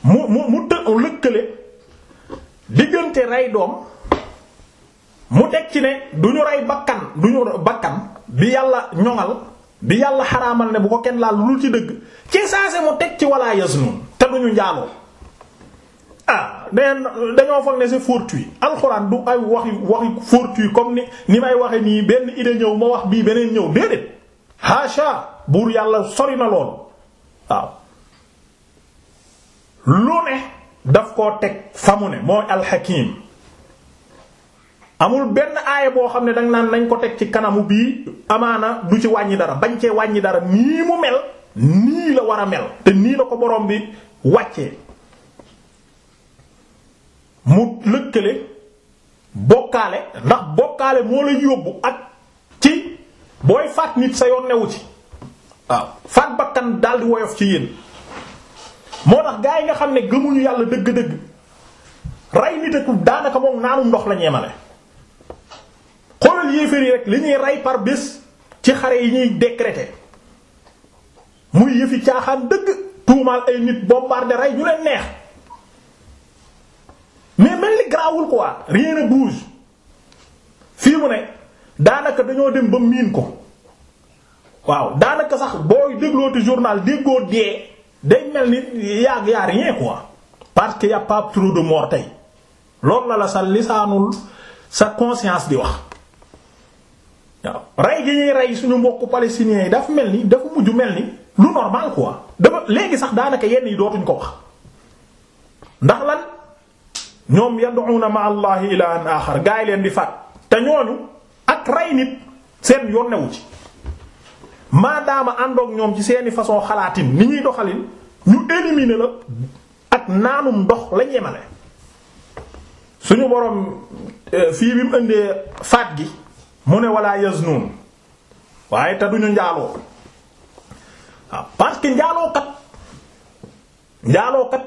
Speaker 1: mu mu mu lëkkale diggante rey doom. mu teg ci ne du ñu rey bakkan du ñu bakkan bi yàlla ñoŋal bi yàlla xaraamal ne bu ko kenn laal lu ci dëgg ci saase mu teg ci wala yaznun te du ñu njaaloo ah neen dañoo foog ne c'est fortuit alxuraan du ay waxi waxi fortuit comme ni ni may waxe nii benn idée ñëw ma wax bii beneen ñëw déedéet haasha buur yàlla sori na loolu waaw lu ne daf koo teg fa mu ne mooy alxakim amul benn aaya boo xam ne danga naan nañ ko teg ci kanamu bii amaana du ci wàññi dara bañ cee wàññi dara nii mu mel nii la war a mel te nii la ko borom bi wàccee mu lëkkale bokkaale ndax bokkaale moo lay yóbbu ak ci booy faat nit sa yoon newu ci faat bakkan daldi woyof ci yéen moo tax gaa yi nga xam ne gëmuñu yàlla dëgg-dëgg rey nit ak daanaka moom naanum ndox la ñeemale xoolal yéefar rek li ñuy ray par bés ci xare yi ñuy décréter muy yëfi caaxaan dëgg tuumaal ay nit bombarder rey ñu leen neex mais mel ni garaawul quoi rien ne bouge fii mu ne daanaka dañoo dem ba miin ko waaw daanaka sax booy déglooti journal déggoo dee day mel ni yàgg yaa rien quoi parce que y a pas de mort tey loolu la la sa lisaanul sa conscience di wax waaw rey gi ñuy rey suñu mbokku palestiniens yi dafa mel ni dafa mujj mel ni lu ko quoi dafa léegi sax daanaka yenn yi dootuñ ko wax ndax lan ñoom na ma allahi ilahan axar gaa yi leen di faat te ñooñu ak rey nit seen yoon newu ci maadaama àndoog ñoom ci seeni façon xalaatin ni ñuy doxalin ñu éliminer la ak naanum ndox lañ yemale suñu borom euh, fii bi mu indee faat gi mu ne wala yaznun waaye te duñu njaaloo waaw parce que njaalookat njaalookat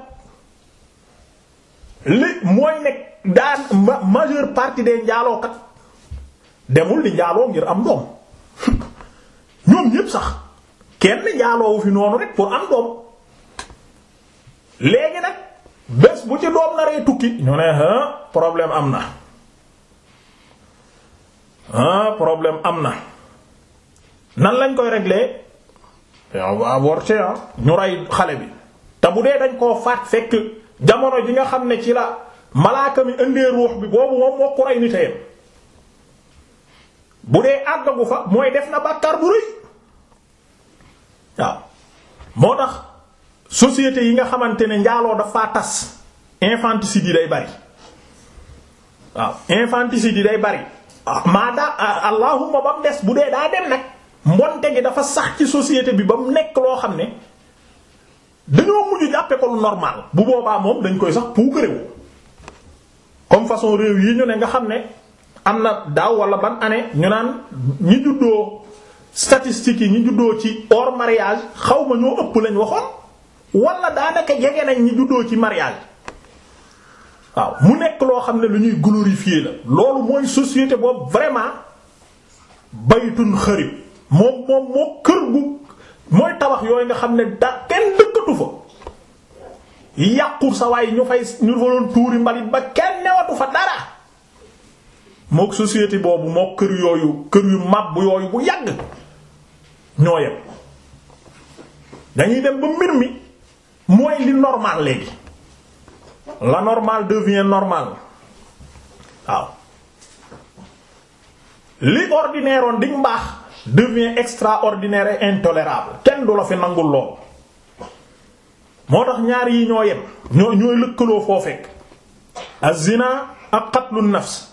Speaker 1: li mooy nekk daan majeure partie des njaalookat demul di njaaloo ngir am doom ñoom ñépp sax kenn njaaloowu fi noonu rek pour am doom léegi nag bés bu ci doom naree tukki ñu ne problème am na ah problème am na nan lañ koy régler on va avorter ah ñu rey xale bi te bu dee dañ koo faat fekk jamono ji nga xam ne ci la malaaka mi indee ruux bi boobu moom moo ko rey ni tayam bu dee àggagu fa mooy def na bàkkaar bu rëy waaw moo tax société yi nga xamante ne njaaloo dafa tas infanticide yi day bari waaw infanticide yi day bari maadaam allahuma ba mu des bu dee daa dem nag mbonte gi dafa sax ci société bi ba mu nekk loo xam ne dañoo mujj jàppe ko lu normal bu boobaa moom dañ koy sax puukarewu comme façon réew yi ñu ne nga xam ne am na daaw wala ban année ñu naan ñi juddoo statistiques yi ñi juddoo ci hors mariage xaw ma ñoo ëpp lañ waxoon wala daanaka jege nañ ñi juddoo ci mariage waaw mu nekk loo xam ne lu ñuy fii la loolu mooy société boobu vraiment baytun xarib moom moom moo kër gu mooy tabax yooyu nga xam ne da kenn dëkkatu fa yàqu sa waay ñu fay ñu fa doon tuuri mbalit ba kenn newatu fa dara mook société boobu moo kër yooyu kër yu màbb yooyu bu yàgg ñoo yem dañuy dem ba mbir mi mooy li normal léegi la normal devient normal waaw li ordinaire oon di mbaax devient extraordinaire intolérable kenn du la fi nangul lool moo tax ñaar yi ñoo yem ñoo ñooy lëkkaloo foo fekk az ak qatlu nafs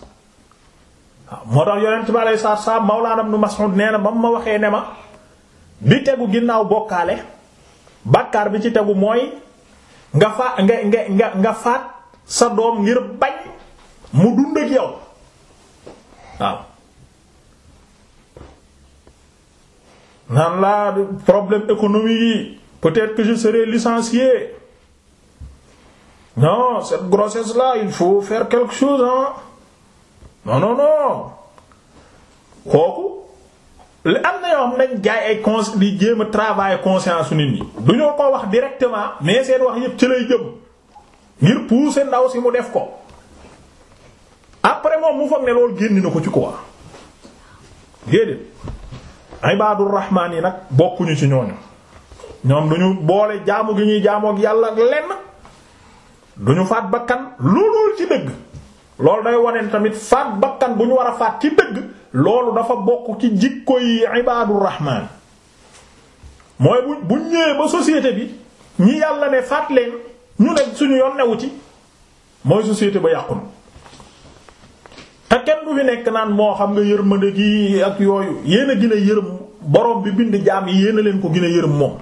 Speaker 1: waaw moo tax yonent bi alayhi salaatu salaam Mawlaana Ibn Mas'ud nee na ba mu ma waxee ne ma bi tegu ginnaaw bokkaale bàkkaar bi ci tegu mooy nga faat nga nga nga faat sa doom ngir bañ mu dund ak yow waaw naan laa problème économique yi peut-être que je serai licencié non cette grossesse là il faut faire quelque chose hein non non non kooku li am na yoo nañ jaay ay cons di jéem a travail conscience su nit ñi du ñoo ko wax directement mais seen wax yëpp ci lay jëm ngir pousser ndaw si mu def ko après moom mu foog ne loolu génn na ko ci quoi déedéet ibadur rahmaan yi nag bokkuñu ci ñooñu ñoom duñu boole jaamu gi ñuy jaamook yàlla ak lenn duñu faat bakkan loolul ci dëgg loolu day wone tamit faat bakkan bu ñu war a faat ci dëgg loolu dafa bokk ci jikko yi ibaadu rahmaan mooy bu bu ñëwee ba société bi ñu yàlla ne faat leen ñu ne suñu yoon newu ci mooy société ba yàqu na te kenn du fi nekk naan moo xam nga yërmande gi ak yooyu yéen a gën a yërëm bi bind jaam yi yéen leen ko gën a yërëm moom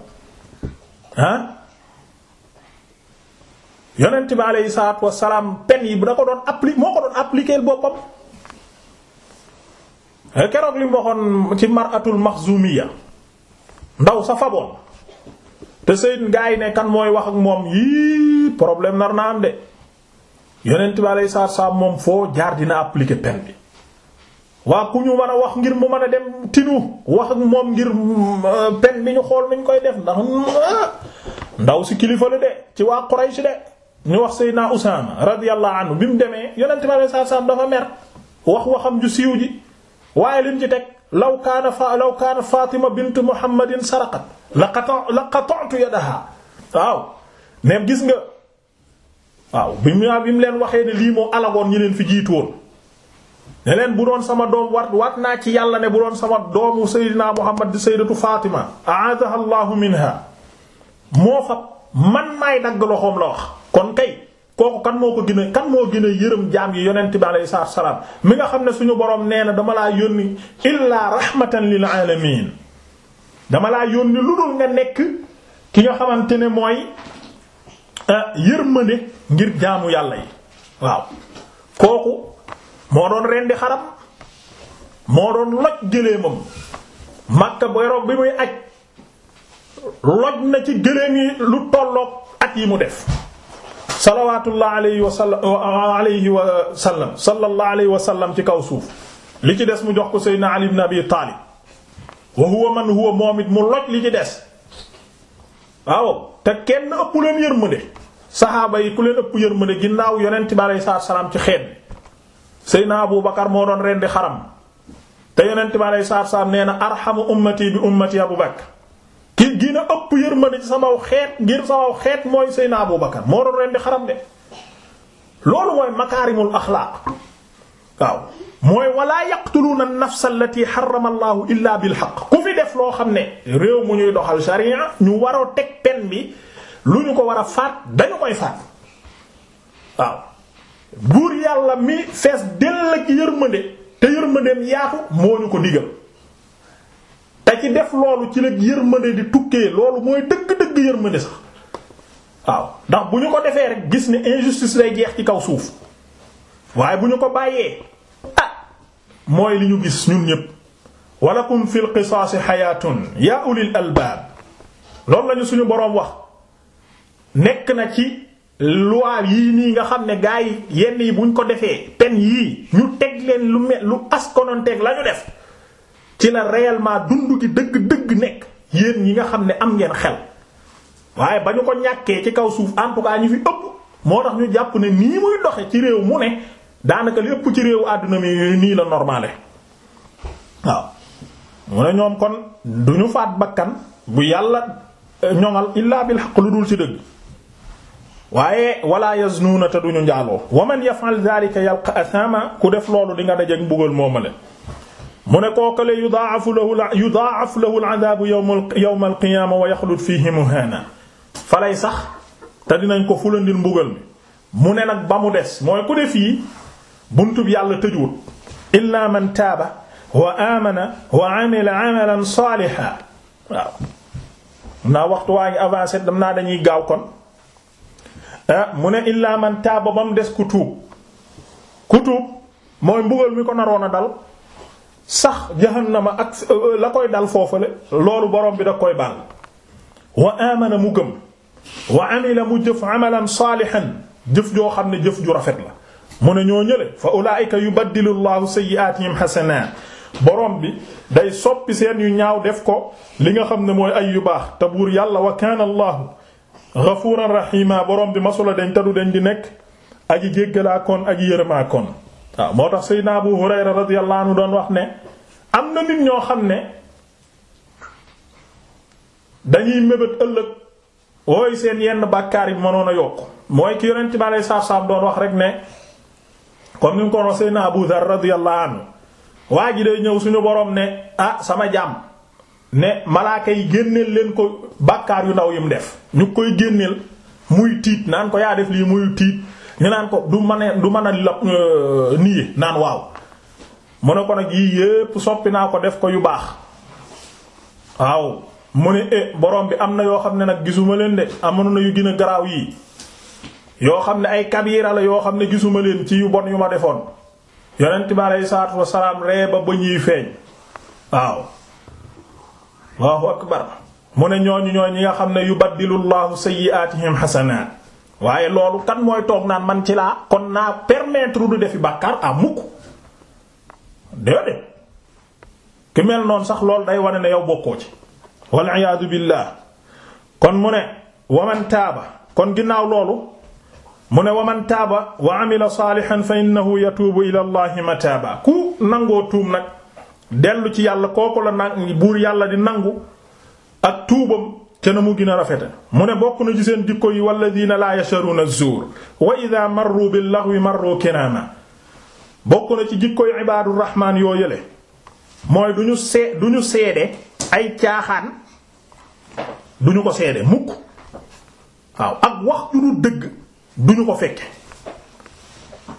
Speaker 1: ah yonent bi aleyhi salaatu wa pen yi bu da ko doon appliquer moo ko doon appliquer boppam. Eh, keroog li mu waxoon ci maratul maxzumiya ndaw sa faboon te sëyn gaa yi ne mooy wax ak moom yii problème nar na am de yonent bi aleyhi salaatu moom foo jaar dina appliquer peine bi waa ku ñu mën a wax ngir mu man a dem tinu wax ak moom ngir euh, peine bi ñu xool nañ koy def ndax ah, ndaw si kilifa la de ci waa Quraysh de ñu wax Seydina Usaama radiyallahu anhu bi mu demee yonent bi aleyhi salaatu salaam dafa mer wax waxam ju siiw ji waaye lim ci teg law kaana fa law kaana Fatima bint Muhammadin saraqat la qata'tu yadaha waaw même gis nga waaw bi mu leen waxee ne lii moo alagoon ñi leen fi jiitu woon ne leen bu doon sama doom wat wat naa ci yàlla ne bu doon sama doomu Seydina Muhammad di Sayyidatu Fatima a'adaha Allahu minha moo fa man maay dagg loxoom la wax kon kay kooku kan moo ko gën kan moo gën yërëm jaam yi yonent bi alayhi salaam mi nga xam ne suñu borom nee na dama laa yónni illaa rahmatan lil alamin dama laa yónni lu dul nga nekk ki nga xamante ne mooy ah, yërmande ngir jaamu yàlla yi waaw kooku moo doon rendi xarab moo doon loj gëléemam Makka boyroog bi muy aj loj na ci gëléem yi lu tolloog at yi mu def salawaatullah alayhi wa sallam alayhi wa sallam sallallahu alayhi wa sallam ci kaw suuf li ci des mu jox ko Seydina Ali ibn Abi Taalib wa huwa man huwa moom mu loj li ci des waaw te kenn ëpp leen yërmande saxaaba yi ku leen ëpp yërmande ginnaaw yonent bi alayhi salaatu salaam ci xeet bi Seydina Abu Bakar moo doon rendi xaram te yonent bi alayhi salaatu salaam nee ummati bi ummati Abu ki gën a ëpp yërmande ci samaw xeet ngir samaw xeet mooy seen Abu Bakar moo doon rendi xaram de loolu mooy makaarimul axlaaq waaw mooy walaa yaqtuluuna an-nafsa allati harrama Allahu illaa bil haqq ku fi def loo xam ne réew mu ñuy doxal sharia ñu waroo teg pen bi lu ñu ko war a faat dañu koy faat waaw buur yàlla mi fees dell ak yërmande te yërmandeem yaatu moo ñu ko digal. te ci def loolu ci la yërmande di tukkee loolu mooy dëgg-dëgg yërmande sax waaw ndax bu ñu ko defee rek gis ni injustice lay jeex ci kaw suuf waaye bu ñu ko bàyyee ah mooy li ñu gis ñun ñépp walakum fi qisaasi xayaatun yaa ulil albaab loolu nañu suñu boroom wax nekk na ci loi yi nii nga xam ne gaa yi yenn yi buñ ko defee pen yii ñu teg leen lu me lu askononteeg lañu def ci la réellement dund gi dëgg-dëgg nekk yéen yi nga xam ne am ngeen xel waaye ba ñu ko ñàkkee ci kaw suuf en ñu fi ëpp moo tax ñu jàpp ne nii muy doxe ci réew mu ne daanaka lépp ci réewu àdduna mi nii la normale waaw mu ne ñoom kon du ñu faat bakkan bu yàlla eh, ñoŋal illaa bil haqq lu dul ci dëgg waaye wala yaznuuna te duñu njaaloo wa man yaf'al dhalika yalqa ku def loolu di nga dajeek mbugal moomale mu ne kookale yudaafu lahu yudaaf lahu al-adaabu yawma al-qiyaama wa yaxlud fiihi muhaana falay sax te dinañ ko fulandil mbugal mi mu ne nag ba mu des mooy ku def yi buntub yàlla tëjuwut ila man taaba wa amana wa amila amalan waa avancé dam naa dañuy gaaw ah, mu ne illaa man taaba ba mu des ku tuub ku tuub mooy mbugal mi ko naroon a dal sax jahannama ak euh, la koy dal foofale loolu borom bi da koy baal wa amana mu gëm wa amila mu jëf amalan saalihan jëf joo xam ne jëf ju rafet la mu ne ñoo ñële fa ulaayika yubaddilu llahu sayyi'aatihim hasanat borom bi day soppi seen yu ñaaw def ko li nga xam ne mooy ay yu baax te buur yàlla wa kaana allahu ghafuuran rahiima borom bi masula dañ tadu dañ di nekk aji jéggalaakoon aji yërëmaakoon waaw moo tax Seydina Abu Hurayra radiyallahu anhu doon wax ne am na nit ñoo xam ne dañuy mébét ëllëg wooy seen yenn bàkkaar yi mënoon a yokk mooy ki yonent bi alayhi salaam doon wax rek ne comme ni nga ko wax na Abu Dhar radiyallahu waa ji day ñëw suñu boroom ne ah sama jàmm ne malaaka yi génneel leen ko bàkkaar yu ndaw yi mu def ñu koy génneel muy tiit naan ko yaa def lii muy tiit nga naan ko du mën du mën a la euh, nié naan waaw mu ne ko nag yii yépp soppi naa ko def ko yu baax waaw mu ne e borom bi am na yoo xam ne nag gisuma leen de amoon na yu gën a garaaw yii yoo xam ne ay kabira la yoo xam ne gisuma leen ci yu bon yu ma defoon yonent bi aleyhi salaatu wasalaam ree ba ba ñuy feeñ waaw Allahu akbar mu ne ñooñu ñooñu ñi nga xam ne yubaddilullahu sayyi'atihim hasanat waaye loolu kan mooy toog naan man ci laa kon naa permettre du defi bàkkaar à mukk déedéet ki mel noon sax loolu day wane ne yow bokkoo ci wal iyaadu billah kon mu ne waman taaba kon ginnaaw loolu mu ne waman taaba wa amila saalihan fa innahu yatuubu ila allahi mataaba ku nangoo tuum nag dellu ci yàlla kooku la nang buur yàlla di nangu ak tuubam te na mu gina rafeta rafete mu ne bokk na ci seen jikko yi diin laa yasharuuna zuur wa ida marru bil laghwi marru kirama bokk na ci jikko yi ibaadu rahmaan yoo yële mooy du ñu see du ñu seede ay caaxaan du ñu ko seede mukk waaw ak wax ju du dëgg du ñu ko fekke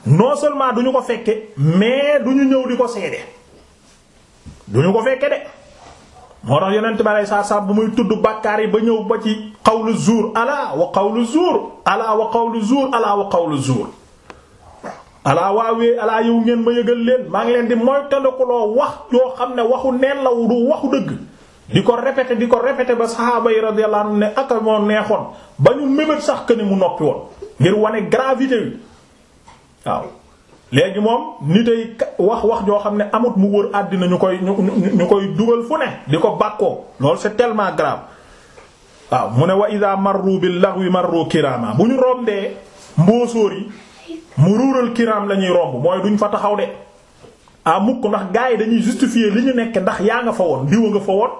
Speaker 1: noo seulement du ñu ko fekke mais du ñu ñëw di ko seede du ñu ko fekke de moo tax yonent ba lay saa saa bu muy tudd bàkkaar yi ba ñëw ba ci xawlu zuur alaa wa xawlu zuur alaa wa xawlu zuur alaa wa lu zuur alaa waawee alaa yow ngeen ma yëgal leen maa ngi leen di moytandikuloo wax yoo xam ne waxu neen la du waxu dëgg di ko répété di ko répété ba saxaaba yi radiyallahu anhu ne aka moo neexoon ba ñu mébét sax que mu noppi woon ngir wane gravité wi waaw léegi moom nit ay wax wax joo xam ne amut mu wër àddina ñu koy ñu ñu koy dugal fu ne di ko bàkkoo loolu c'est tellement grave waaw mu ne wa ida bi bil wi marru kirama bu ñu rombee mboosóor yi mu ruural kiram la ñuy romb mooy duñ fa taxaw de a ah mukk ndax gars yi dañuy justifier li ñu nekk ndax yaa nga fa woon diwa nga fa woon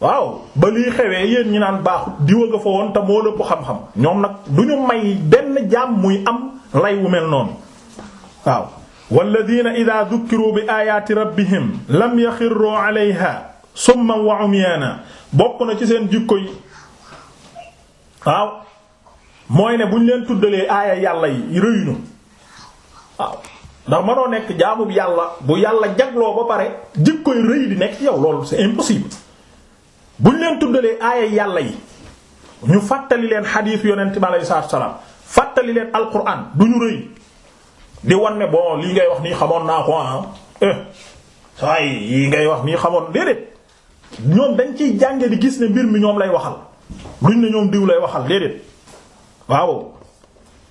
Speaker 1: waaw ba lii xewee yéen ñi naan baaxut diwa nga fa woon te moo lëpp xam-xam ñoom nag du ñu may benn jaam muy am lay wu mel noonu waaw walladina ida dukkiru bi ayaati rabbihim lam yaxirroo alayha summan wa umyaana bokk na ci seen jikko yi waaw mooy ne buñ leen tuddalee aaya yàlla yi rëy na waaw ndax mënoo nekk jaamu yàlla bu yàlla jagloo ba pare jikkoy rëy di nekk ci yow loolu c'est impossible buñ leen tuddalee aaya yàlla yi ñu fàttali leen xadiis yonent bi alayhi salaatu wa salaam fàttali leen alquran duñu rëy di wan ne bon lii ngay wax nii xamoon naa ko ah eh, saa yi ngay wax nii xamoon déedéet ñoom dañ ciy jànge di gis ne mbir mi ñoom lay waxal duñ ne ñoom diw lay waxal déedéet waaw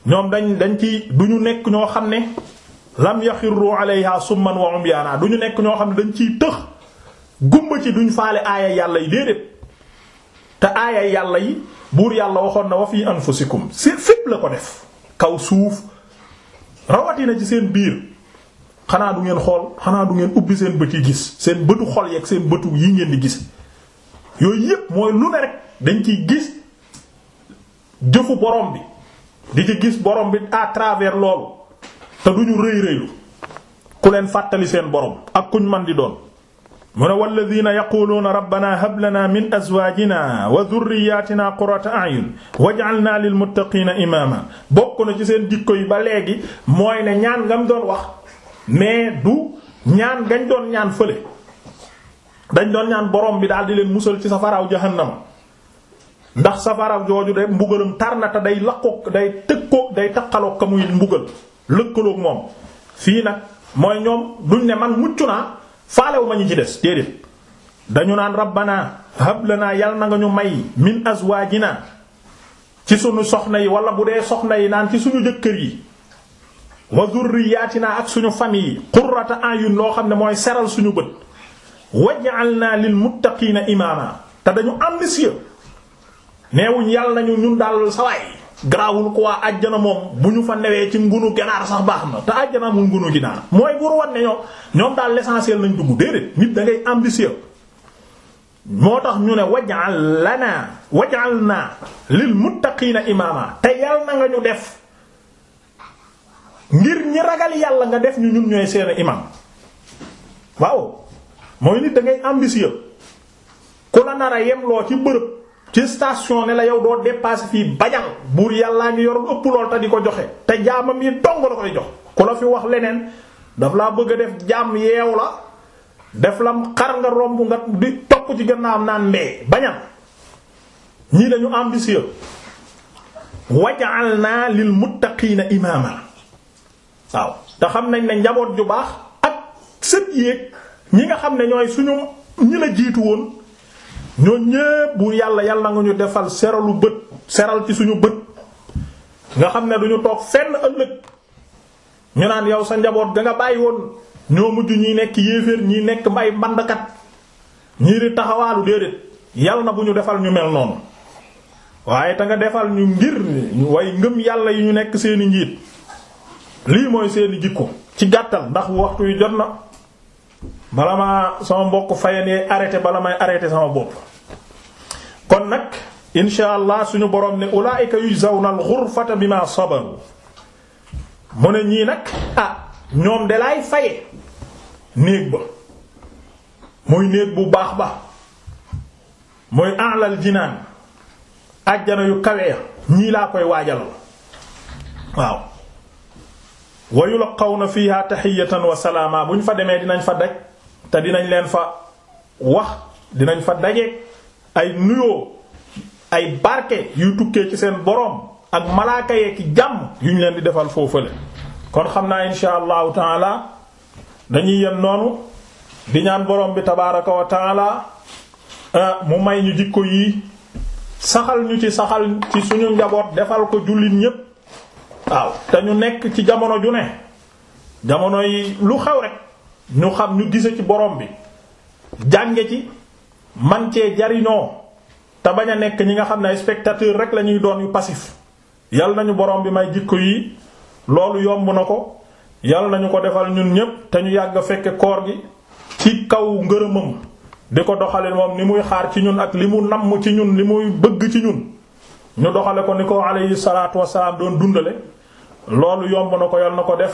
Speaker 1: ñoom dañ dañ ci duñu nekk ñoo xam ne lam yaxirru alayha summan wa umyaana duñu nekk ñoo xam ne dañ ciy tëx gumba ci duñ faale aaya yàlla yi déedéet te aaya yàlla yi buur yàlla waxoon na wa fi anfusikum si fépp la ko def kaw suuf rawatina ci seen biir xanaa du ngeen xool xanaa du ngeen ubbi seen bët yi gis seen bëtu xol yeeg seen bëtu yi ngeen di gis yooyu yépp mooy lu ne rek dañ ci gis jëfu borom bi di ci gis borom bi à travers loolu te duñu rëy rëylu ku leen fàttali seen borom ak kuñ man di doon mu ne walladina yaquluuna rabbana hab lana min azwaajina wa durriyaatina qurrata a'yun waj'alna lil muttaqiina imaama bokk na ci seen jikko yi ba léegi mooy ne ngam doon wax mais du ñaan gañ ñaan fële dañ doon ñaan borom bi daal di leen musal ci safaraaw jahannama ndax safaraw jooju de mbugalum tar na te day lakkook day tëkkook day taqalook ka muy mbugal lëkkalook moom fii nag mooy ñoom duñ ne man mucc naa faalewu ma ci des déedéet dañu naan rabbana hablanaa yal na nga ñu may min azwaajina ci suñu soxna yi wala bu dee soxna yi naan ci suñu jëkkër yi wa zurriyaatina ak suñu famille yi qurrata ayun loo xam ne mooy seral suñu bët waj'alna lil muttaqiina imaama te dañu ambitieux neewuñ yàlla nañu ñun daal sawaay garaawul quoi àjjana moom bu ñu fa newee ci ngunu ganaar sax baax na te àjjana mu ngunu ginaar mooy bu wan ne ñoom ñoom daal l'essentiel lañ dugg déedéet nit dangay ngay moo tax ñu ne waj'al lana waj'alna lil muttaqiina imaama te yal na nga ñu def ngir ñi ragal yàlla nga def ñu ñun ñooy seen imam waaw mooy nit da ngay ambitieux ku la nar a yemloo ci bërëb. ci station ne la yow doo dépassé fii bajal buur yàllaa ngi yor lu ëpp lool te di ko joxe te jaamam yi dong la koy jox ku la fi wax leneen daf laa bëgg a def jaam yeew la def la xar nga romb nga di topp ci am naan mbee bañal ñii dañu ambitieux waj'alna lil muttaqiina imaama waaw te xam nañ ne njaboot ju baax ak sët yéeg ñi nga xam ne ñooy suñu ñi la jiitu woon ñoo ñépp bu yàlla yàlla nga ñu defal seralu bët seral ci suñu bët nga xam ne duñu toog fenn ëllëg ñu naan yow sa njaboot ga nga bàyyi woon ñoo mujj ñi nekk yéeféer ñi nekk mbay mbandkat ñii di taxawaalu déedéet yàlla na bu ñu defal ñu mel noonu waaye te nga defal ñu ngir way ngëm yàlla yi ñu nekk seeni njiit lii mooy seeni jikko ci gàttal ndax waxtu yu jot na bala maa sama mbokk fayandee arrêté bala may arrêté sama bopp kon nag insha allah suñu borom ne ulaa'ika yujzawna al-ghurfata bima sabaru mu ne ñii nag ah ñoom de laay faye néeg ba muy néeg bu baax ba muy a'lal jinaan ajjana yu kawe ya ñii laa koy waajalal waaw wa yulqawna fiha tahiyatan wa salaama bu ñu fa demee dinañ fa daj te dinañ leen fa wax dinañ fa daje ay nuyoo ay barke yu tukkee ci seen boroom ak malaaka yee ki jàmm yu ñu leen di defal foofale kon xam naa insha allahu taala dañuy yem noonu di ñaan boroom bi tabaaraka wa taala ah, mu may ñu jikko yi saxal ñu ci saxal ci suñu njaboot defal ko jullit ñépp waaw te nekk ci jamono ju ne jamono yi lu xew rek ñu xam ñu gise ci borom bi jànge ci man cee jariñoo te bañ a nekk ñi nga xam ne ay spectateur rek la ñuy doon yu passif yal nañu borom bi may jikko yi loolu yomb na ko yal nañu ko defal ñun ñépp te ñu yàgg fekk koor gi ci kaw ngërëmam di ko doxale moom ni muy xaar ci ñun ak li mu namm ci ñun li muy bëgg ci ñun ñu doxale ko ni ko alayhi salaatu wasalaam doon dundale loolu yomb na ko yal na ko def